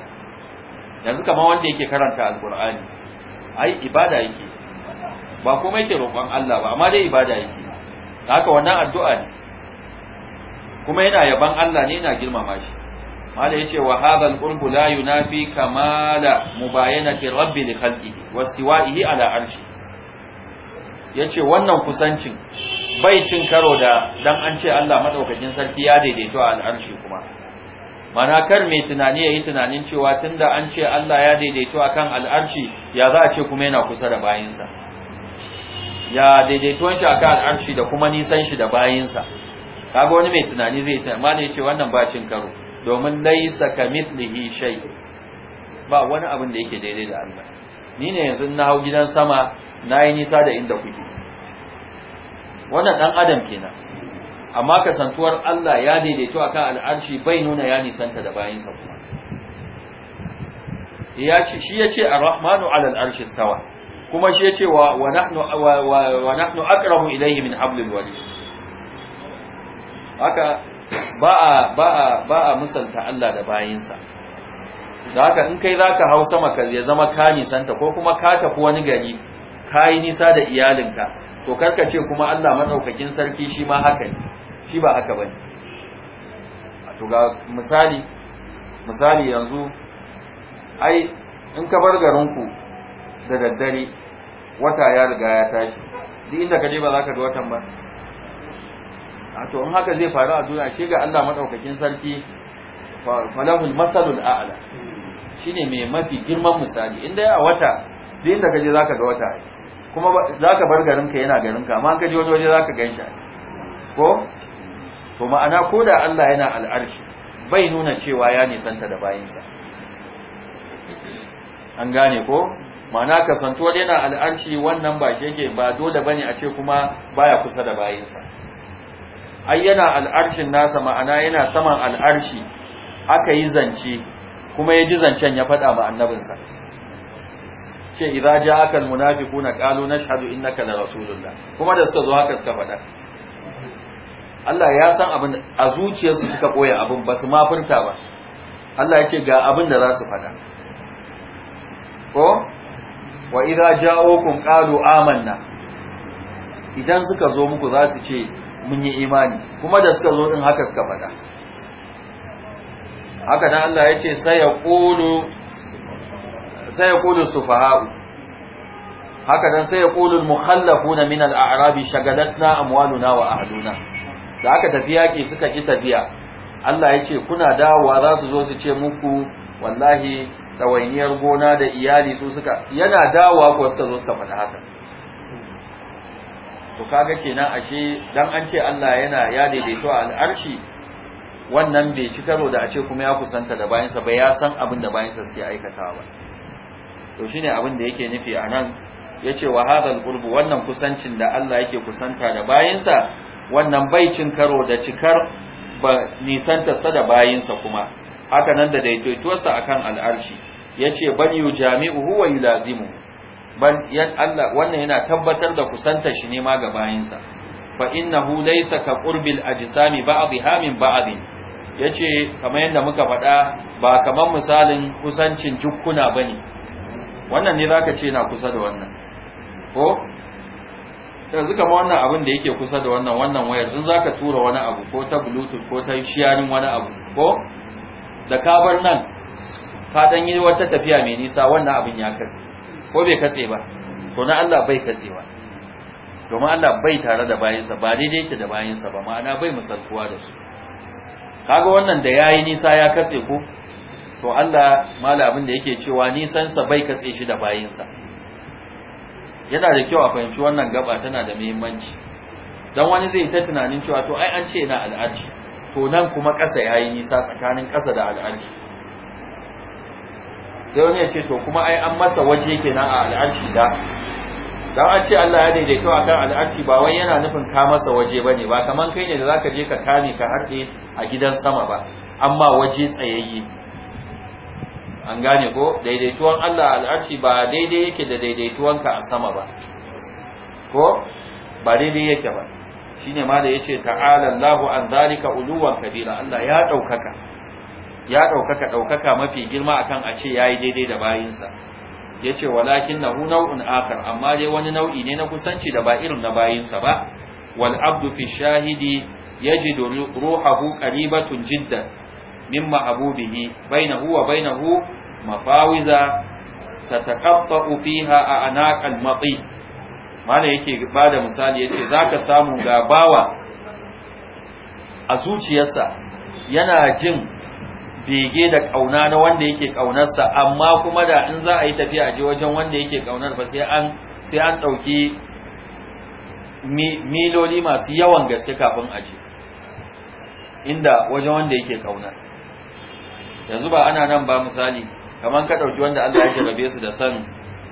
A: yanzu kamar wanda yake karanta alqur'ani ai ibada yake ba komai ke roƙon Allah ba amma dai ibada yake haka wannan addu'a ne kuma yana yaban Allah ne yana girmama shi mala yace wa hadha al-qurb la yunafi kamala mubayanati rabbi li khalqihi wa siwa'ihi ala arshi yace wannan kusancin bai cin karo da dan an ce Allah madaukakin sarki ya daidaito a al'arshi kuma mana kar mai tunani ya yi tunanin cewa tunda an ce Allah ya daidaito akan al'arshi ya za a ce kuma yana kusa da bayinsa ya daidaito shi akan al'arshi da kuma nisan shi da bayinsa kaga wani mai tunani zai ta mana ya ce wannan ba cin karo domin laisa kamithlihi shay ba wani abin da yake daidai da Allah ni ne yanzu na hau gidan sama na yi nisa da inda kuke wannan dan adam kenan amma kasantuwar Allah ya daidaito akan al'arshi bai nuna ya nisanta da bayansa kuma ya ce shi yace ar-rahmanu 'ala al-arshi kuma shi yace wa wa nahnu wa nahnu aqrabu ilayhi min hablil warid haka ba a ba ba a Allah da bayinsa da haka in kai zaka hau sama ka ya zama ka nisanta ko kuma ka tafi wani gari ka yi nisa da iyalinka to karka ce kuma Allah madaukakin sarki shi ma haka ne shi ba haka bane to ga misali misali yanzu ai in ka bar garinku da daddare wata ya riga ya tashi duk inda ka je ba za ka ga watan ba a to in haka zai faru a duniya shi ga Allah madaukakin sarki falahul masalul a'la shine mai mafi girman misali inda ya a wata duk inda ka je za ka ga wata kuma za ka bar garinka yana garinka amma in ka je wani waje za ka gan shi ko to ma'ana ko da Allah yana al'arshi bai nuna cewa ya nisanta da bayinsa an gane ko ma'ana kasantuwar yana al'arshi wannan ba yake ba dole bane a ce kuma baya kusa da bayinsa ai yana al'arshin nasa ma'ana yana saman al'arshi aka yi zance kuma ya ji zancen ya faɗa ma annabinsa ce idza ja'aka al-munafiquna qalu nashhadu innaka la rasulullah kuma da suka zo haka suka faɗa Allah ya san abin a zuciyarsu suka koya abin ba su mafurta ba Allah ya ce ga abin da za su faɗa ko wa idza kun qalu amanna idan suka zo muku za su ce mun yi imani kuma da suka zo din haka suka faɗa haka dan Allah ya ce sai ya qulu sai ya haka dan sai ya qulu al-mukhallafuna min al-a'rabi shagalatna amwaluna wa ahluna da aka tafi yaƙi suka ƙi tafiya
B: Allah ya ce kuna dawowa za su zo su ce muku wallahi ɗawainiyar gona da iyali su suka yana dawowa kuwa suka zo
A: suka faɗi haka to kaga kenan ashe dan an ce Allah yana ya daidaito a al'arshi wannan bai ci karo da a ce kuma ya kusanta da bayansa ba ya san abin da bayansa suke aikatawa ba to shine abin da yake nufi anan, nan ya ce wa hadal qurbu wannan kusancin da Allah yake kusanta da bayansa wannan baicin karo da cikar ba nisantarsa da bayinsa kuma haka nan da daidaituwarsa akan al'arshi ya ce yu jami'u huwa yulazimu ban wannan yana tabbatar da kusantar shi ne ma ga bayinsa fa innahu laysa ka qurbil ajsami ba'dha min Ya yace kamar yadda muka faɗa ba kamar misalin kusancin jukkuna bane wannan ne zaka ce na kusa da wannan ko yanzu kama wannan abin da yake kusa da wannan wannan wayar in zaka tura wani abu ko ta bluetooth ko ta sharing wani abu ko da ka bar nan ka dan yi wata tafiya mai nisa wannan abin ya katse ko bai katse ba to na Allah bai katsewa domin Allah bai tare da bayinsa ba daidai yake da bayinsa ba ma'ana bai misaltuwa da su kaga wannan da yayi nisa ya katse ko to Allah mala abin da yake cewa nisansa bai katse shi da bayinsa yana da kyau a fahimci wannan gaba tana da muhimmanci dan wani zai ta tunanin cewa to ai an ce na al'arshi to nan kuma ƙasa yayi nisa tsakanin ƙasa da al'arshi sai wani ya ce to kuma ai an masa waje kenan a al'arshi da dan an ce Allah ya daidaito akan al'arshi ba wai yana nufin ka masa waje ne ba kamar kai ne da zaka je ka kame ka harɗe a gidan sama ba amma waje tsayayye an gane ko daidaituwan Allah al'arci ba daidai yake da daidaituwanka a sama ba ko ba daidai yake ba Shi ne ma da yace ta'ala Allah an zalika uluwan kabira Allah ya ɗaukaka, ya ɗaukaka ɗaukaka mafi girma akan a ce ya yi daidai da bayinsa yace walakin nahu nau'in akar. amma dai wani nau'i ne na kusanci da ba irin na bayinsa ba wal abdu fi shahidi da ruhahu ƙaribatun jiddan من محبوبه بينه وبينه bainahu mafawiza فيها أعناق a ما لا يكي yake bada misali yace سامو samu أزوتي يسا a zuciyarsa yana jin bege da kauna na wanda yake kaunarsa amma kuma da in za a yi tafiya a je wajen wanda yake kaunar ba sai an sai an dauki miloli masu yawan gaske kafin a je inda wajen wanda yake kaunar yanzu ba ana nan ba misali kamar ka ɗauki wanda Allah ya jarabe su da san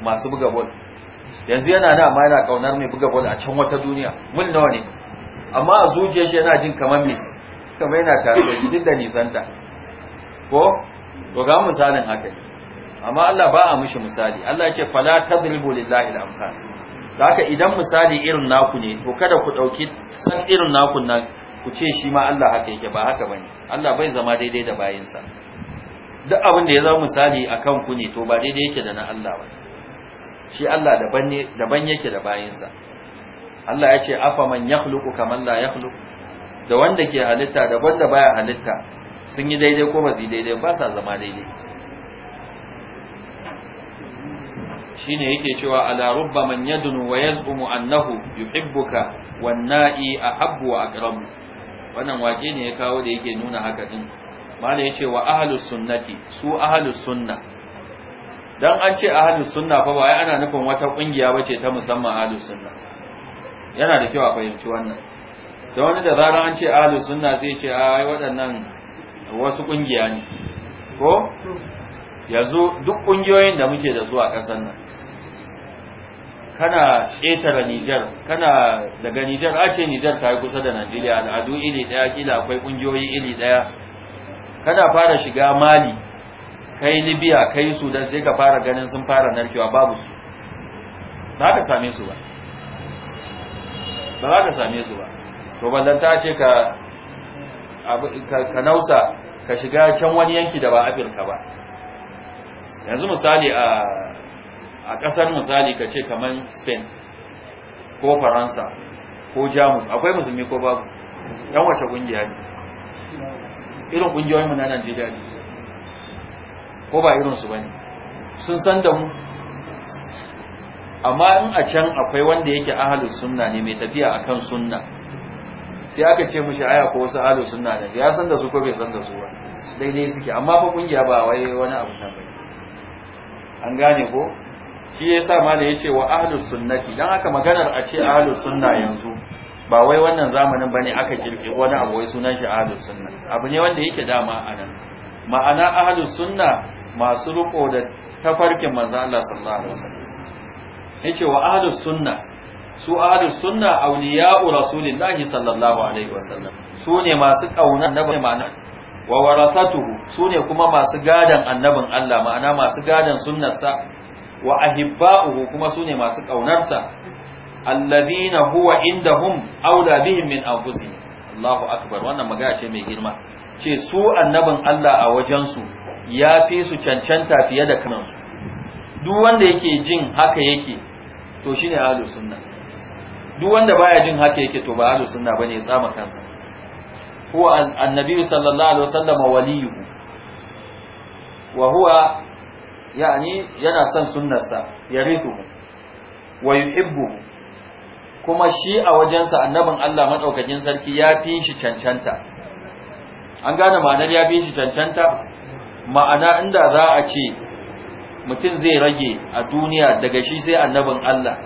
A: masu buga bol yanzu yana nan amma yana ƙaunar mai buga bol a can wata duniya mun nawa ne amma a zuciyar shi yana jin kamar me kamar yana tare da shi duk da nisanta ko to ga misalin haka ne amma Allah ba a mishi misali Allah ya ce fala tadribu lillahi al-amthal haka idan misali irin naku ne to kada ku dauki san irin naku nan ku ce shi ma Allah haka yake ba haka bane Allah bai zama daidai da bayinsa duk abin da ya zama misali a kan ku ne to ba daidai yake da na Allah ba shi Allah daban yake da bayansa Allah ya ce afa man yakhluqu kamar la yakhluq da wanda ke halitta da wanda baya halitta sun yi daidai ko ba su daidai ba sa zama daidai Shi ne yake cewa ala rubba man dunu wa yaz'umu annahu yuhibbuka wan na'i habbu a aqrabu wannan wake ne ya kawo da yake nuna haka din mana ya ce wa ahalus sunnati su ahalus sunna don an ce ahalus sunna fa ba ana nufin wata ƙungiya ba ce ta musamman ahalus sunna yana da kyau a fahimci wannan da wani da zara an ce ahalus sunna zai ce a waɗannan wasu ƙungiya ne ko yanzu duk kungiyoyin da muke da zuwa kasar ƙasar nan kana ƙetare Nijar kana daga Nijar a ce Nijar ta yi kusa da Najeriya al'adu iri ɗaya kila akwai ƙungiyoyi iri ɗaya kana fara shiga mali kai libya kai sudan sai ka fara ganin sun fara narkewa babu su ba ka same su ba ba ka same su ba to ballanta ce ka ka nausa ka shiga can wani yanki da ba afirka ba yanzu misali a a kasar misali ka ce kamar spain ko faransa ko jamus akwai musulmi ko babu yan wace kungiya ne irin ƙungiyoyinmu na najeriya ne ko ba irinsu ba ne sun san da mu amma in a can akwai wanda yake Ahlus sunna ne mai tafiya akan sunna sai aka ce shi aya ko wasu Ahlus sunna ne ya san da su ko bai san da su ba daidai suke amma fa kungiya ba wai wani abu nan bai an gane ko shi yasa ma da yace wa ahlus sunnati dan haka maganar a ce ahlus sunna yanzu ba wai wannan zamanin bane aka kirki wani abu wai sunan shi ahlus sunna abu ne wanda yake dama anan ma'ana ahlus sunna masu riko da tafarkin manzo Allah sallallahu alaihi wasallam yace wa ahlus sunna su ahlus sunna awliya'u rasulillahi sallallahu alaihi wasallam su ne masu kauna annabi ma'ana wa warasatuhu su ne kuma masu gadan annabin Allah ma'ana masu gadan sunnarsa wa ahibba'uhu kuma su ne masu kaunarsa alladhina huwa indahum aula bihim min anfusihim Allahu akbar wannan magana ce mai girma ce su annabin Allah a wajensu ya fi su cancanta fiye da kanansu duk wanda yake jin haka yake to shine ahlus sunna duk wanda baya jin haka yake to ba ahlus sunna bane ya tsama kansa ko annabi sallallahu alaihi wasallam waliyuhu wa huwa yani yana son sunnarsa yarithu wa yuhibbu kuma shi a wajensa annabin Allah madaukakin sarki ya fi shi cancanta an gane ma'anar ya fi shi cancanta ma'ana inda za a ce mutum zai rage a duniya daga shi sai annabin Allah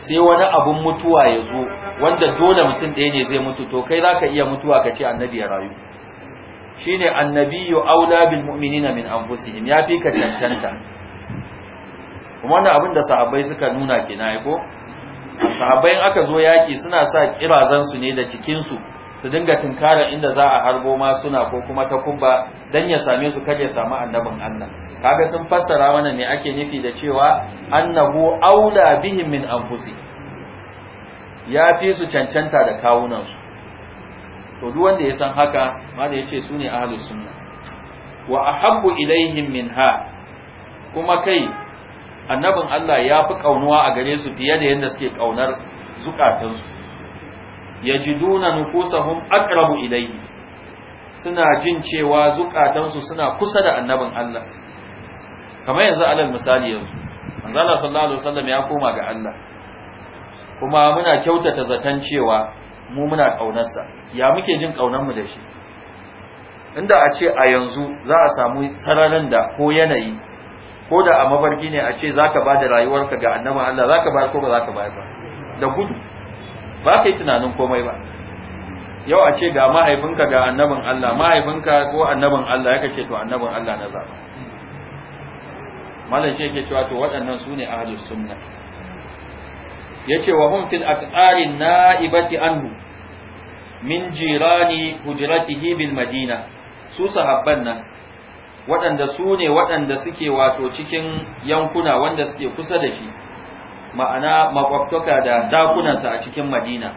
A: sai wani abun mutuwa ya zo wanda dole mutum ɗaya ne zai mutu to kai zaka iya mutuwa ka ce annabi ya rayu shine annabiyyu aula bil mu'minina min anfusihim ya fi ka cancanta kuma wannan abin da sahabbai suka nuna kenan ko sahabbai aka zo yaƙi suna sa kirazansu ne da cikinsu su dinga tunkara inda za a harbo ma suna ko kuma ta kubba dan ya same su kaje samu annabin Allah kaga sun fassara wannan ne ake nufi da cewa annahu aula bihim min anfusi ya fi su cancanta da kawunansu to duk wanda ya san haka ma da yace su ne ahlus sunna wa ahabbu ilaihim minha kuma kai annabin Allah ya fi kaunuwa a gare su fiye da yadda suke kaunar zukatansu yajiduna nufusahum akrabu ilayhi suna jin cewa zukatansu suna kusa da annabin Allah kamar yanzu alal misali yanzu manzo Allah sallallahu alaihi wasallam ya koma ga Allah kuma muna kyautata zaton cewa mu muna ƙaunarsa, ya muke jin ƙaunar mu da shi inda a ce a yanzu za a samu sararin da ko yanayi ko da a mafarki ne a ce za ka ba da rayuwarka ga annabi Allah za ka bayar ko ba ka bayar ba da gudu ba ka yi tunanin komai ba yau a ce ga mahaifinka ga annabin Allah mahaifinka ko annabin Allah ya ce to annabin Allah na zaba malam shi yake cewa to waɗannan su ne ahlus sunna yace wa hum fil aqsari naibati anhu min jirani hujratihi bil madina su sahabban nan waɗanda su ne waɗanda suke wato cikin yankuna wanda suke kusa da shi ma'ana makwabtaka da dakunansa a cikin madina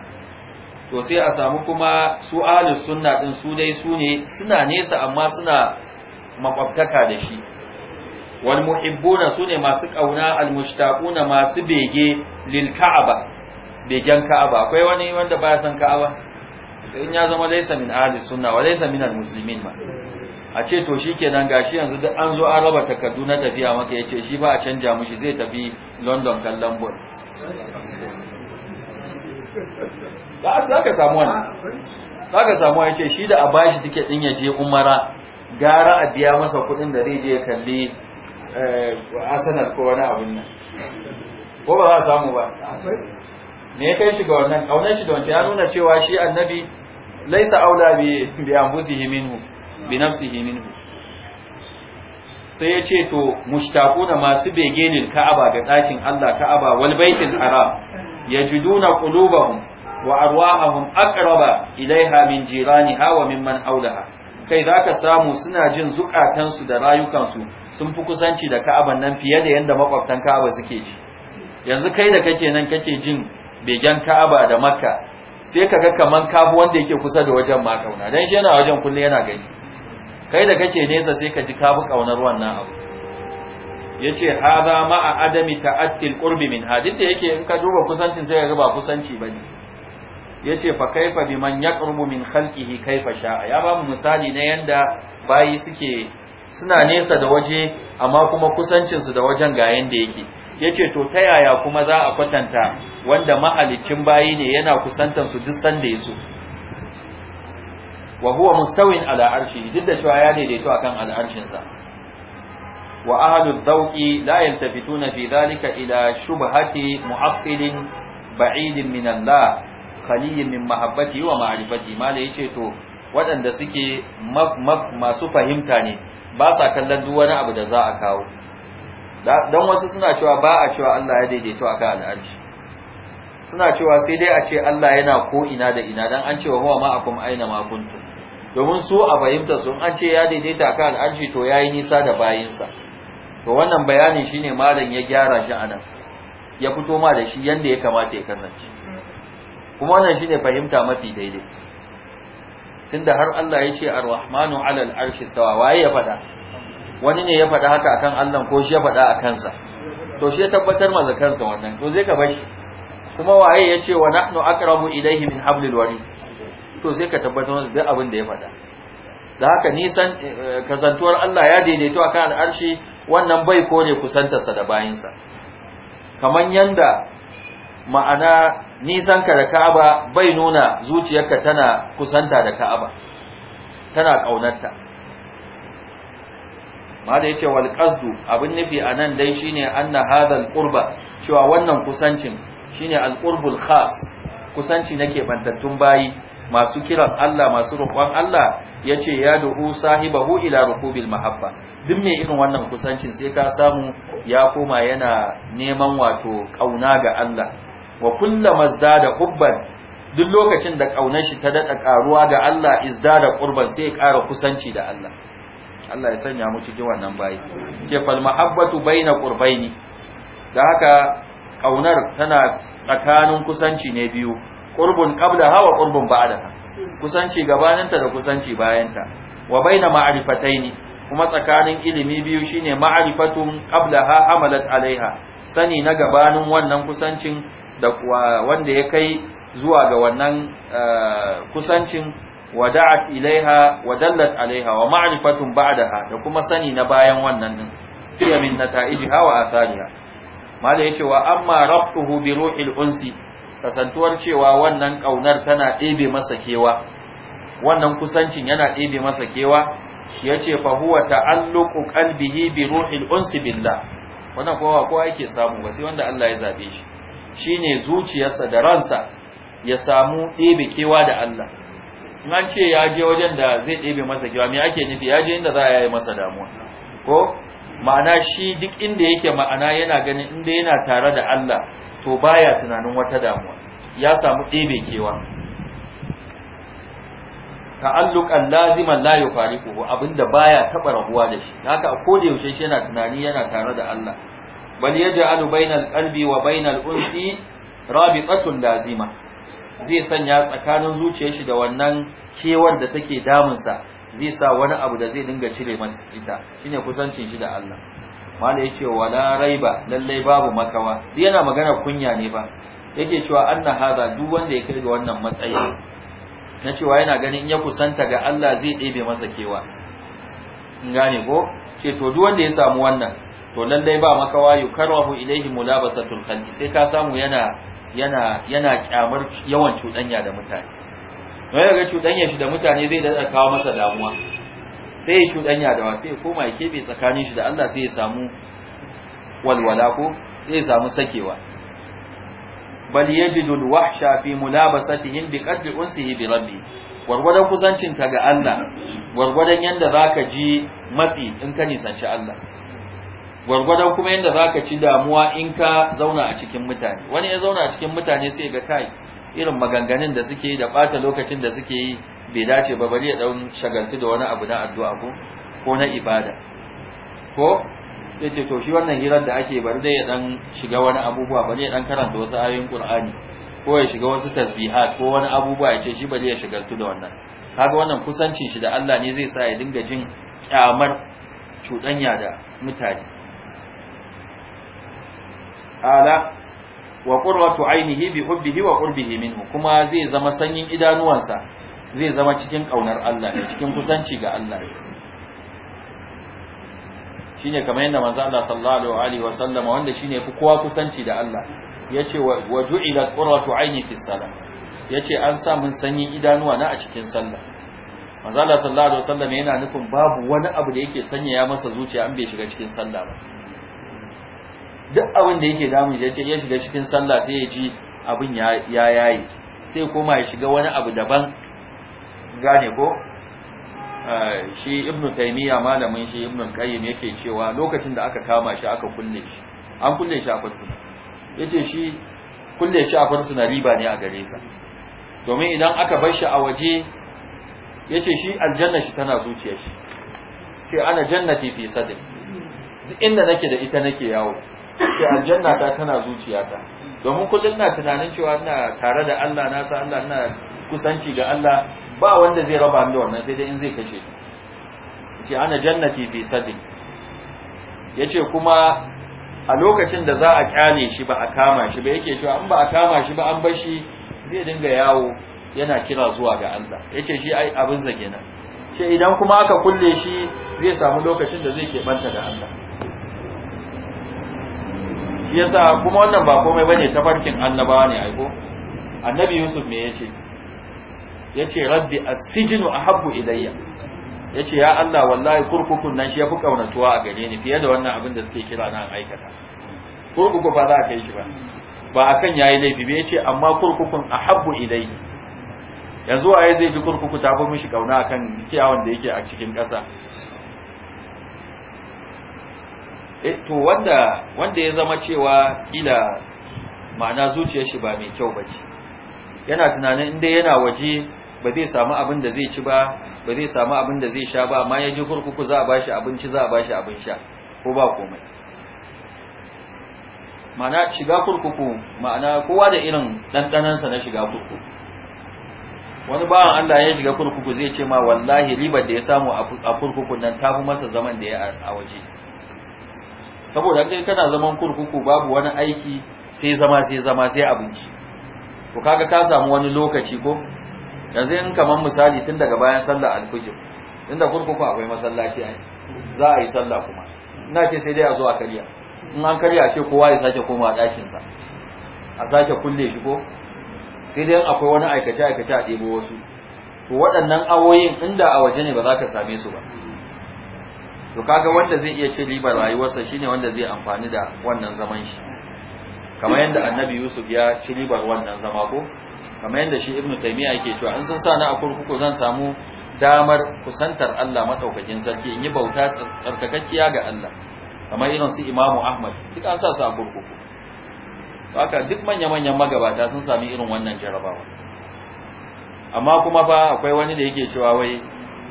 A: to sai a samu kuma su alis sunna ɗin su dai su ne suna nesa amma suna makwabtaka da shi Wani muhibbuna su ne masu ƙauna al mushtaquna masu bege lil ka'aba begen ka'aba akwai wani wanda baya san ka'aba in ya zama laysa min ahlus sunna wa laysa min al ma a ce to shi kenan gashi yanzu duk an zo an raba takardu na tafiya maka ya shi ba a canja mushi zai tafi london kallon bol da asu za samu wani samu yace shi da a bashi tiket ɗin ya je umara gara a biya masa kuɗin da zai je kalli eh, asanar ko wani abin nan ko ba za a samu ba me ya kai shi ga wannan kaunar shi da ya nuna cewa shi annabi laisa aula bi bi anfusihim minhu bi nafsihi minhu sai ya ce to da masu begenin ka'aba ga ɗakin Allah ka'aba wal baitil haram yajiduna qulubahum wa arwahahum aqraba ilaiha min jirani hawa mimman au'laha. kai zaka samu suna jin zukatansu da rayukansu sun fi kusanci da Ka'aban nan fiye da yanda makwabtan Ka'aba suke ji yanzu kai da kake nan kake jin begen Ka'aba da Makka sai kaga kaman kafu wanda yake kusa da wajen ma kauna dan shi yana wajen kullu yana gani kai da kake nesa sai ka ji ka bi kaunar wannan abu yace hadha ma'a adami ta'attil qurbi min da yake in ka duba kusancin sai ka ga ba kusanci bane yace fa kaifa biman yaqrubu min khalqihi kaifa sha'a ya ba mu misali na yanda bayi suke suna nesa da waje amma kuma kusancin su da wajen ga yanda yake yace to ta yaya kuma za a kwatanta wanda mahalicin bayi ne yana kusantar su duk sanda yaso wa huwa mustawin ala arshi duk da cewa ya daidaito akan al'arshin sa wa ahlu dawqi la yaltafituna fi dhalika ila shubhati mu'aqqilin ba'idin min Allah khaliyin min mahabbati wa ma'rifati mala yace to waɗanda suke masu fahimta ne ba sa kallon duk wani abu da za a kawo don wasu suna cewa ba a cewa Allah ya daidaito akan al'arshi suna cewa sai dai a ce Allah yana ko ina da ina dan an cewa huwa ma'akum aina ma kuntum domin su a fahimta sun an ce ya daidaita kan al'arshi to yayi nisa da bayinsa to wannan bayanin shine malam ya gyara shi anan ya fito ma da shi yanda ya kamata ya kasance kuma wannan shine fahimta mafi daidai tunda har Allah ya ce ar-rahmanu 'ala al-arshi sawa waye ya fada wani ne ya fada haka akan Allah ko shi ya fada a kansa to shi ya tabbatar ma kansa wannan to zai ka bashi kuma waye ya ce wa nahnu aqrabu ilayhi min hablil warid to sai ka tabbatar masa duk abin da ya faɗa da haka nisan eh, kasantuwar Allah ya daidaito akan al'arshi wannan bai kone kusantarsa da bayinsa kamar yanda ma'ana ka da Ka'aba bai nuna zuciyarka tana kusanta da Ka'aba tana kaunarta ma da yake wal qasdu abin nufi anan dai shine anna hadal qurba cewa wannan kusancin shine al qurbul khas kusanci nake bantattun bayi masu kiran Allah masu roƙon Allah ya ce ya duhu sahibahu ila rukubil mahabba duk mai irin wannan kusancin sai ka samu ya koma yana neman wato kauna ga Allah wa mazda da hubban duk lokacin da kaunar shi ta daɗa ƙaruwa ga Allah izdada qurban sai ya ƙara kusanci da Allah Allah ya sanya mu cikin wannan bayi ke fal mahabbatu baina qurbaini da haka ƙaunar tana tsakanin kusanci ne biyu qurbun qablaha wa qurbun ba'da kusanci gabaninta da kusanci bayanta wa baina ma'rifataini kuma tsakanin ilimi biyu shine ma'rifatun ha amalat alaiha sani na gabanin wannan kusancin da wanda ya kai zuwa ga wannan eh, kusancin wada'at ilaiha wa dallat alaiha wa ma'rifatun ba'daha da kuma sani na bayan wannan din fiya min nata'ijiha wa athariha mala yace wa amma rabtuhu bi ruhil unsi kasantuwar cewa wannan ƙaunar tana ɗebe masa kewa wannan kusancin yana ɗebe masa kewa ya ce fa huwa ta'alluqu qalbihi bi ruhil unsi billah wannan kowa kowa yake samu ba sai wanda Allah ya zabe shi shine zuciyarsa da ransa ya samu ɗebe kewa da Allah in an ce ya je wajen da zai ɗebe masa kewa me ake nufi ya je inda za a yi masa damuwa ko ma'ana shi duk inda yake ma'ana yana ganin inda yana tare da Allah to baya tunanin wata damuwa ya samu ɗebe kewa ta'alluqan laziman la yufariquhu abinda baya taba rabuwa da shi haka a koda yaushe shi yana tunani yana tare da Allah bal yaj'alu bainal qalbi wa bainal unsi rabitatun lazima zai sanya tsakanin zuciyar shi da wannan kewar da take damunsa zai sa wani abu da zai dinga cire masa ita shine kusancin shi da Allah mala yake wala raiba lalle babu makawa yana magana kunya ne ba yake cewa anna hada duk wanda ya kai ga wannan matsayi na cewa yana ganin in ya kusanta ga Allah zai ɗebe masa kewa in gane ko ce to duk wanda ya samu wannan to lallai ba makawa yukarahu ilaihi mulabasatul qalbi sai ka samu yana yana yana kyamar yawan cuɗanya da mutane wai ga cudanya shi da mutane zai da kawo masa damuwa sai ya danya da wasu ya koma ya keɓe tsakanin shi da Allah sai ya samu walwala ko sai ya samu sakewa bal yajidu alwahsha fi mulabasatihim bi qadri unsihi bi rabbi gwargwadon kusancin ka ga Allah gwargwadon yanda zaka ji matsi in ka nisanci Allah gwargwadon kuma yanda zaka ci damuwa in ka zauna a cikin mutane wani ya zauna a cikin mutane sai ga kai irin maganganun da suke yi da ɓata lokacin da suke yi bai dace ba bari ya ɗan shagaltu da wani abu na addu'a ko ko na ibada ko ya ce to shi wannan hirar da ake bari dai ya ɗan shiga wani abubuwa bari ya ɗan karanta wasu ayoyin ƙur'ani ko ya shiga wasu tasbihat ko wani abubuwa ya ce shi bari ya shagaltu da wannan kaga wannan kusancin shi da Allah ne zai sa ya dinga jin kyamar cuɗanya da mutane ala wa qurratu ainihi bi hubbihi wa qurbihi minhu kuma zai zama sanyin idanuwansa zai zama cikin kaunar Allah ne cikin kusanci ga Allah shine kamar yadda manzo Allah sallallahu alaihi wa sallam wanda shine fi kowa kusanci da Allah yace wa ju'ila qurratu aini fi salat yace an sa mun sanyin idanuwa na a cikin sallah manzo Allah sallallahu alaihi wa sallam yana nufin babu wani abu da yake sanya ya masa zuciya an bai shiga cikin sallah ba duk abin da yake damun ya ce ya shiga cikin sallah sai ya ji abin ya yayi sai koma ya shiga wani abu daban gane ko eh, shi ibn taymiya malamin shi ibn qayyim yake cewa lokacin da aka kama shi aka kulle shi an kulle shi a farsuna yace shi kulle shi a farsuna riba ne a gare sa domin idan aka bar shi a waje yace shi aljanna shi tana zuciyar shi sai ana jannati fi sadri inda nake da ita nake yawo sai aljanna ta tana zuciyata domin kullum na tunanin cewa ina tare da Allah na san Allah ina kusanci ga Allah ba wanda zai raba ni da wannan sai dai in zai kashe ni ce ana jannati fi sadri yace kuma a lokacin da za a kyale shi ba a kama shi ba yake cewa in ba a kama shi ba an bar shi zai dinga yawo yana kira zuwa ga Allah yace shi ai abin zage na ce idan kuma aka kulle shi zai samu lokacin da zai ke banta da Allah shi yasa kuma wannan ba komai bane tafarkin annabawa ne aiko annabi yusuf me yace yace rabbi as-sijnu ahabbu ilayya yace ya Allah wallahi kurkukun nan shi yafi kaunatuwa a gare ni fiye da wannan abin da suke kira nan aikata kurkuku ba za a kai shi ba ba akan yayi laifi ba yace amma kurkukun ahabbu ilayya yanzu waye zai ji kurkuku ta fi mishi kauna akan kiyawan da yake a cikin ƙasa Eh, to wanda wanda ya zama cewa kila ma'ana zuciyar shi ba mai kyau bace yana tunanin inda yana waje ba zai samu abin da zai ci ba ba zai samu abin da zai sha ba amma ya ji kurkuku za a bashi abinci za a bashi abin sha ko ba komai ma'ana shiga kurkuku ma'ana kowa da irin sa na shiga kurkuku wani bawan Allah ya shiga kurkuku zai ce ma wallahi ribar da ya samu a kurkukun nan tafi masa zaman da ya a waje saboda kai kana zaman kurkuku babu wani aiki sai zama sai zama sai abinci to kaga ka samu wani lokaci ko yanzu in kaman misali tun daga bayan sallar alfijir inda kurkuku akwai masallaci ai za a yi sallah kuma ina ce sai dai a zo a kariya in an kariya ce kowa ya sake koma a ɗakin sa a sake kulle shi ko sai dai akwai wani aikace aikace a ɗebo wasu to waɗannan awoyin inda a waje ne ba za ka same su ba to kaga wanda zai iya ce ribar rayuwarsa shine wanda zai amfani da wannan zaman shi kamar yadda annabi yusuf ya ci ribar wannan zama ko kamar yadda shi ibnu taymiya yake cewa An san sa a kurkuku zan samu damar kusantar Allah madaukakin sarki in yi bauta tsarkakakkiya ga Allah kamar irin su imamu ahmad duk an sa su a kurkuku haka duk manya-manyan magabata sun sami irin wannan jarabawa amma kuma fa akwai wani da yake cewa wai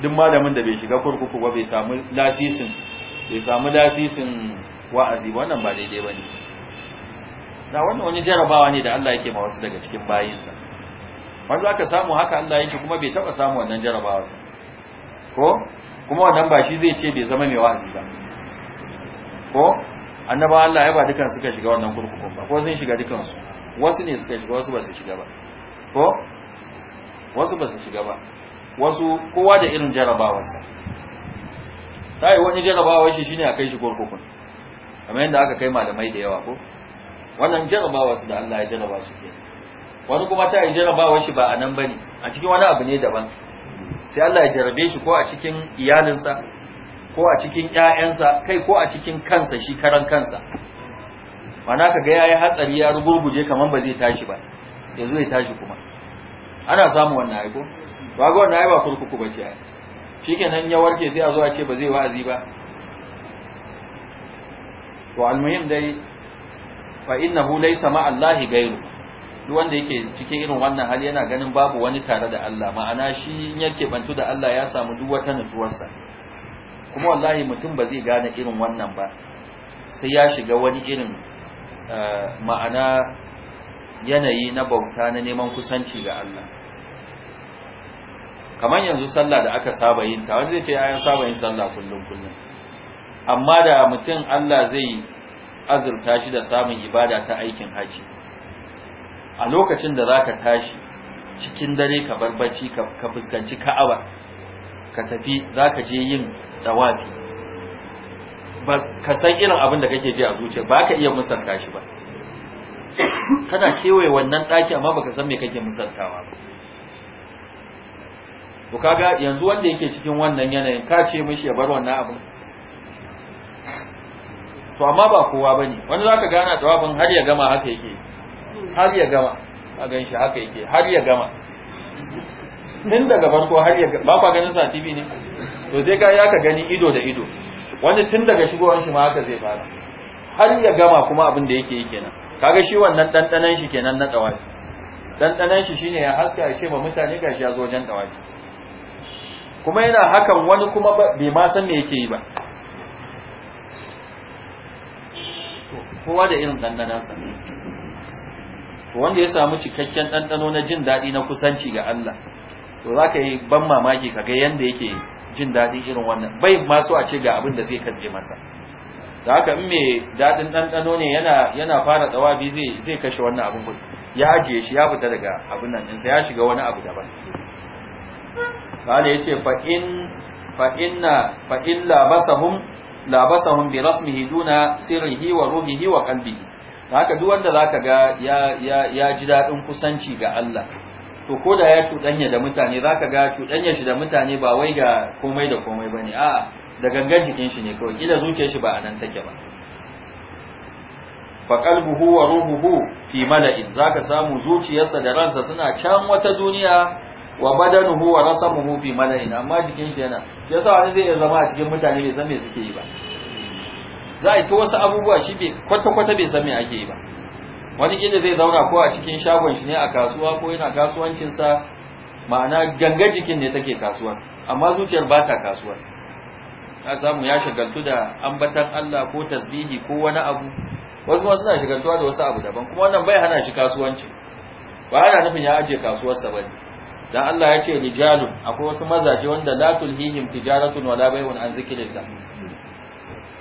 A: duk malamin da bai shiga kurkuku ba bai samu lasisin bai samu lasisin wa'azi wannan ba daidai bane da wannan wani jarabawa ne da Allah yake ma wasu daga cikin bayinsa wanda aka samu haka Allah yake kuma bai taba samu wannan jarabawa ko kuma wannan ba shi zai ce bai zama mai wa'azi ba ko annabawa Allah ya ba dukan suka shiga wannan kurkukun ba ko sun shiga dukan su wasu ne suka shiga wasu ba su shiga ba ko wasu ba su shiga ba wasu kowa da irin jarabawarsa ta yi wani jarabawar shi shine a kai shi kurkukun kamar yadda aka kai malamai da yawa ko wannan jarabawarsu da Allah ya jaraba su ke wani kuma ta yi jarabawar shi ba a nan bane a cikin wani abu ne daban sai Allah ya jarabe shi ko a cikin iyalinsa ko a cikin ƴaƴansa kai ko a cikin kansa shi karan kansa mana ka ga yayi hatsari ya rugurguje kaman ba zai tashi ba yanzu ya tashi kuma ana samu wannan aiko ba ga wannan ai ba kurkuku ba ce nan ya warke sai a zo a ce ba zai wa'azi ba to almuhim dai fa innahu laysa ma Allahi gairu duk wanda yake cikin irin wannan hali yana ganin babu wani tare da Allah ma'ana shi in yake bantu da Allah ya samu duk wata nutsuwarsa kuma wallahi mutum ba zai gane irin wannan ba sai ya shiga wani irin eh, ma'ana yanayi na bauta na neman kusanci ga Allah kamar yanzu sallah da aka saba yin ta wanda zai ce ayan saba yin sallah kullum kullum amma da mutum Allah zai azurta shi da samun ibada ta aikin haji a lokacin da zaka tashi cikin dare ka barbaci, ka fuskanci Ka'aba ka tafi zaka je yin dawafi ka san irin abin da kake ji a zuciya ba ka iya musanta shi ba kana kewaye wannan ɗaki amma baka san me kake musantawa ba to kaga yanzu wanda yake cikin wannan yanayin ka ce mishi ya bar wannan abin to amma ba kowa bane wani zaka gana jawabin har ya gama haka yake har ya gama a gan shi haka yake har ya gama tun daga farko har ya ba ka ganin sa TV ne to sai ka ya ka gani ido da ido wani tun daga shigowar shi ma haka zai fara har ya gama kuma abin da yake yi kenan kaga shi wannan dandanan shi kenan na dawaki dandanan shi shine ya haska ya ce ma mutane gashi ya zo wajen dawaki kuma yana hakan wani kuma bai ma san me yake yi ba kowa da irin to wanda ya samu cikakken ɗanɗano na jin daɗi na kusanci ga Allah to za ka yi ban mamaki ka ga yadda yake jin daɗin irin wannan bai masu a ce ga abin da zai katse masa da haka in mai daɗin ɗanɗano ne yana fara tsawabi zai kashe wannan abin ya ajiye shi ya fita daga abin nan ɗinsa ya shiga wani abu daban kala yace fa in fa inna fa bi rasmihi duna sirrihi wa ruhihi wa haka duk wanda zaka ga ya ya ya ji dadin kusanci ga Allah to ko da ya cuɗanya da mutane zaka ga cuɗanya shi da mutane ba wai ga komai da komai bane a'a da gangan jikin shi ne kawai kila zuciyar shi ba anan take ba fa qalbuhu wa ruhuhu fi mala'in zaka samu zuciyarsa da ransa suna can wata duniya wa badanuhu wa rasamuhu fi madanin amma jikin shi yana yasa wani zai iya zama a cikin mutane bai san me suke yi ba za a yi ta wasu abubuwa shi bai kwata kwata bai san me ake yi ba wani kila zai zauna ko a cikin shagon shi ne a kasuwa ko yana kasuwancin sa ma'ana ganga jikin ne take kasuwa amma zuciyar ba ta kasuwa a samu ya shagaltu da ambatan Allah ko tasbihi ko wani abu wasu ma suna shagaltuwa da wasu abu daban kuma wannan bai hana shi kasuwanci ba hana nufin ya ajiye kasuwarsa bane dan Allah ya ce rijalun akwai wasu mazaje wanda la tulhihim tijaratun wala bay'un an zikrillah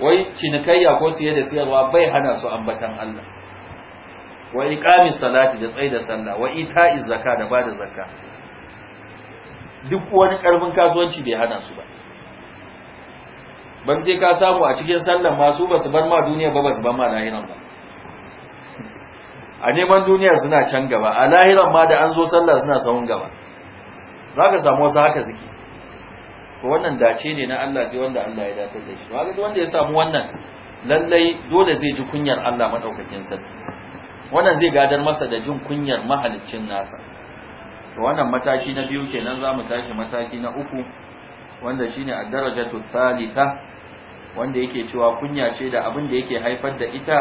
A: wai cinikayya ko siye da siyarwa bai hana su ambatan Allah wa iqamis salati da tsaida sallah wa ita'iz zakka da bada zakka duk wani karbin kasuwanci bai hana su ba ban sai ka samu a cikin sallan ma su basu bar ma duniya ba ba su bar ma lahiran ba a neman duniya suna can gaba a lahiran ma da an zo sallah suna sahun gaba za ka samu wasu haka suke ko wannan dace ne na Allah sai wanda Allah ya datar da shi ba ga wanda ya samu wannan lallai dole zai ji kunyar Allah madaukakin sarki wannan zai gadar masa da jin kunyar mahaliccin nasa to wannan mataki na biyu kenan mu tashi mataki na uku wanda shine ad-darajatu thalitha wanda yake cewa kunya ce da abin da yake haifar da ita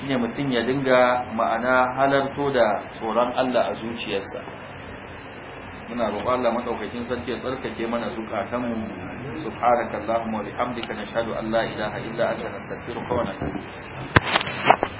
A: shine mutum ya dinga ma'ana halarto da tsoron Allah a zuciyarsa muna roƙon Allah madaukakin sarki ya tsarkake mana zukatanmu subhanakallahumma wa bihamdika nashhadu an la ilaha illa anta nastaghfiruka wa natubu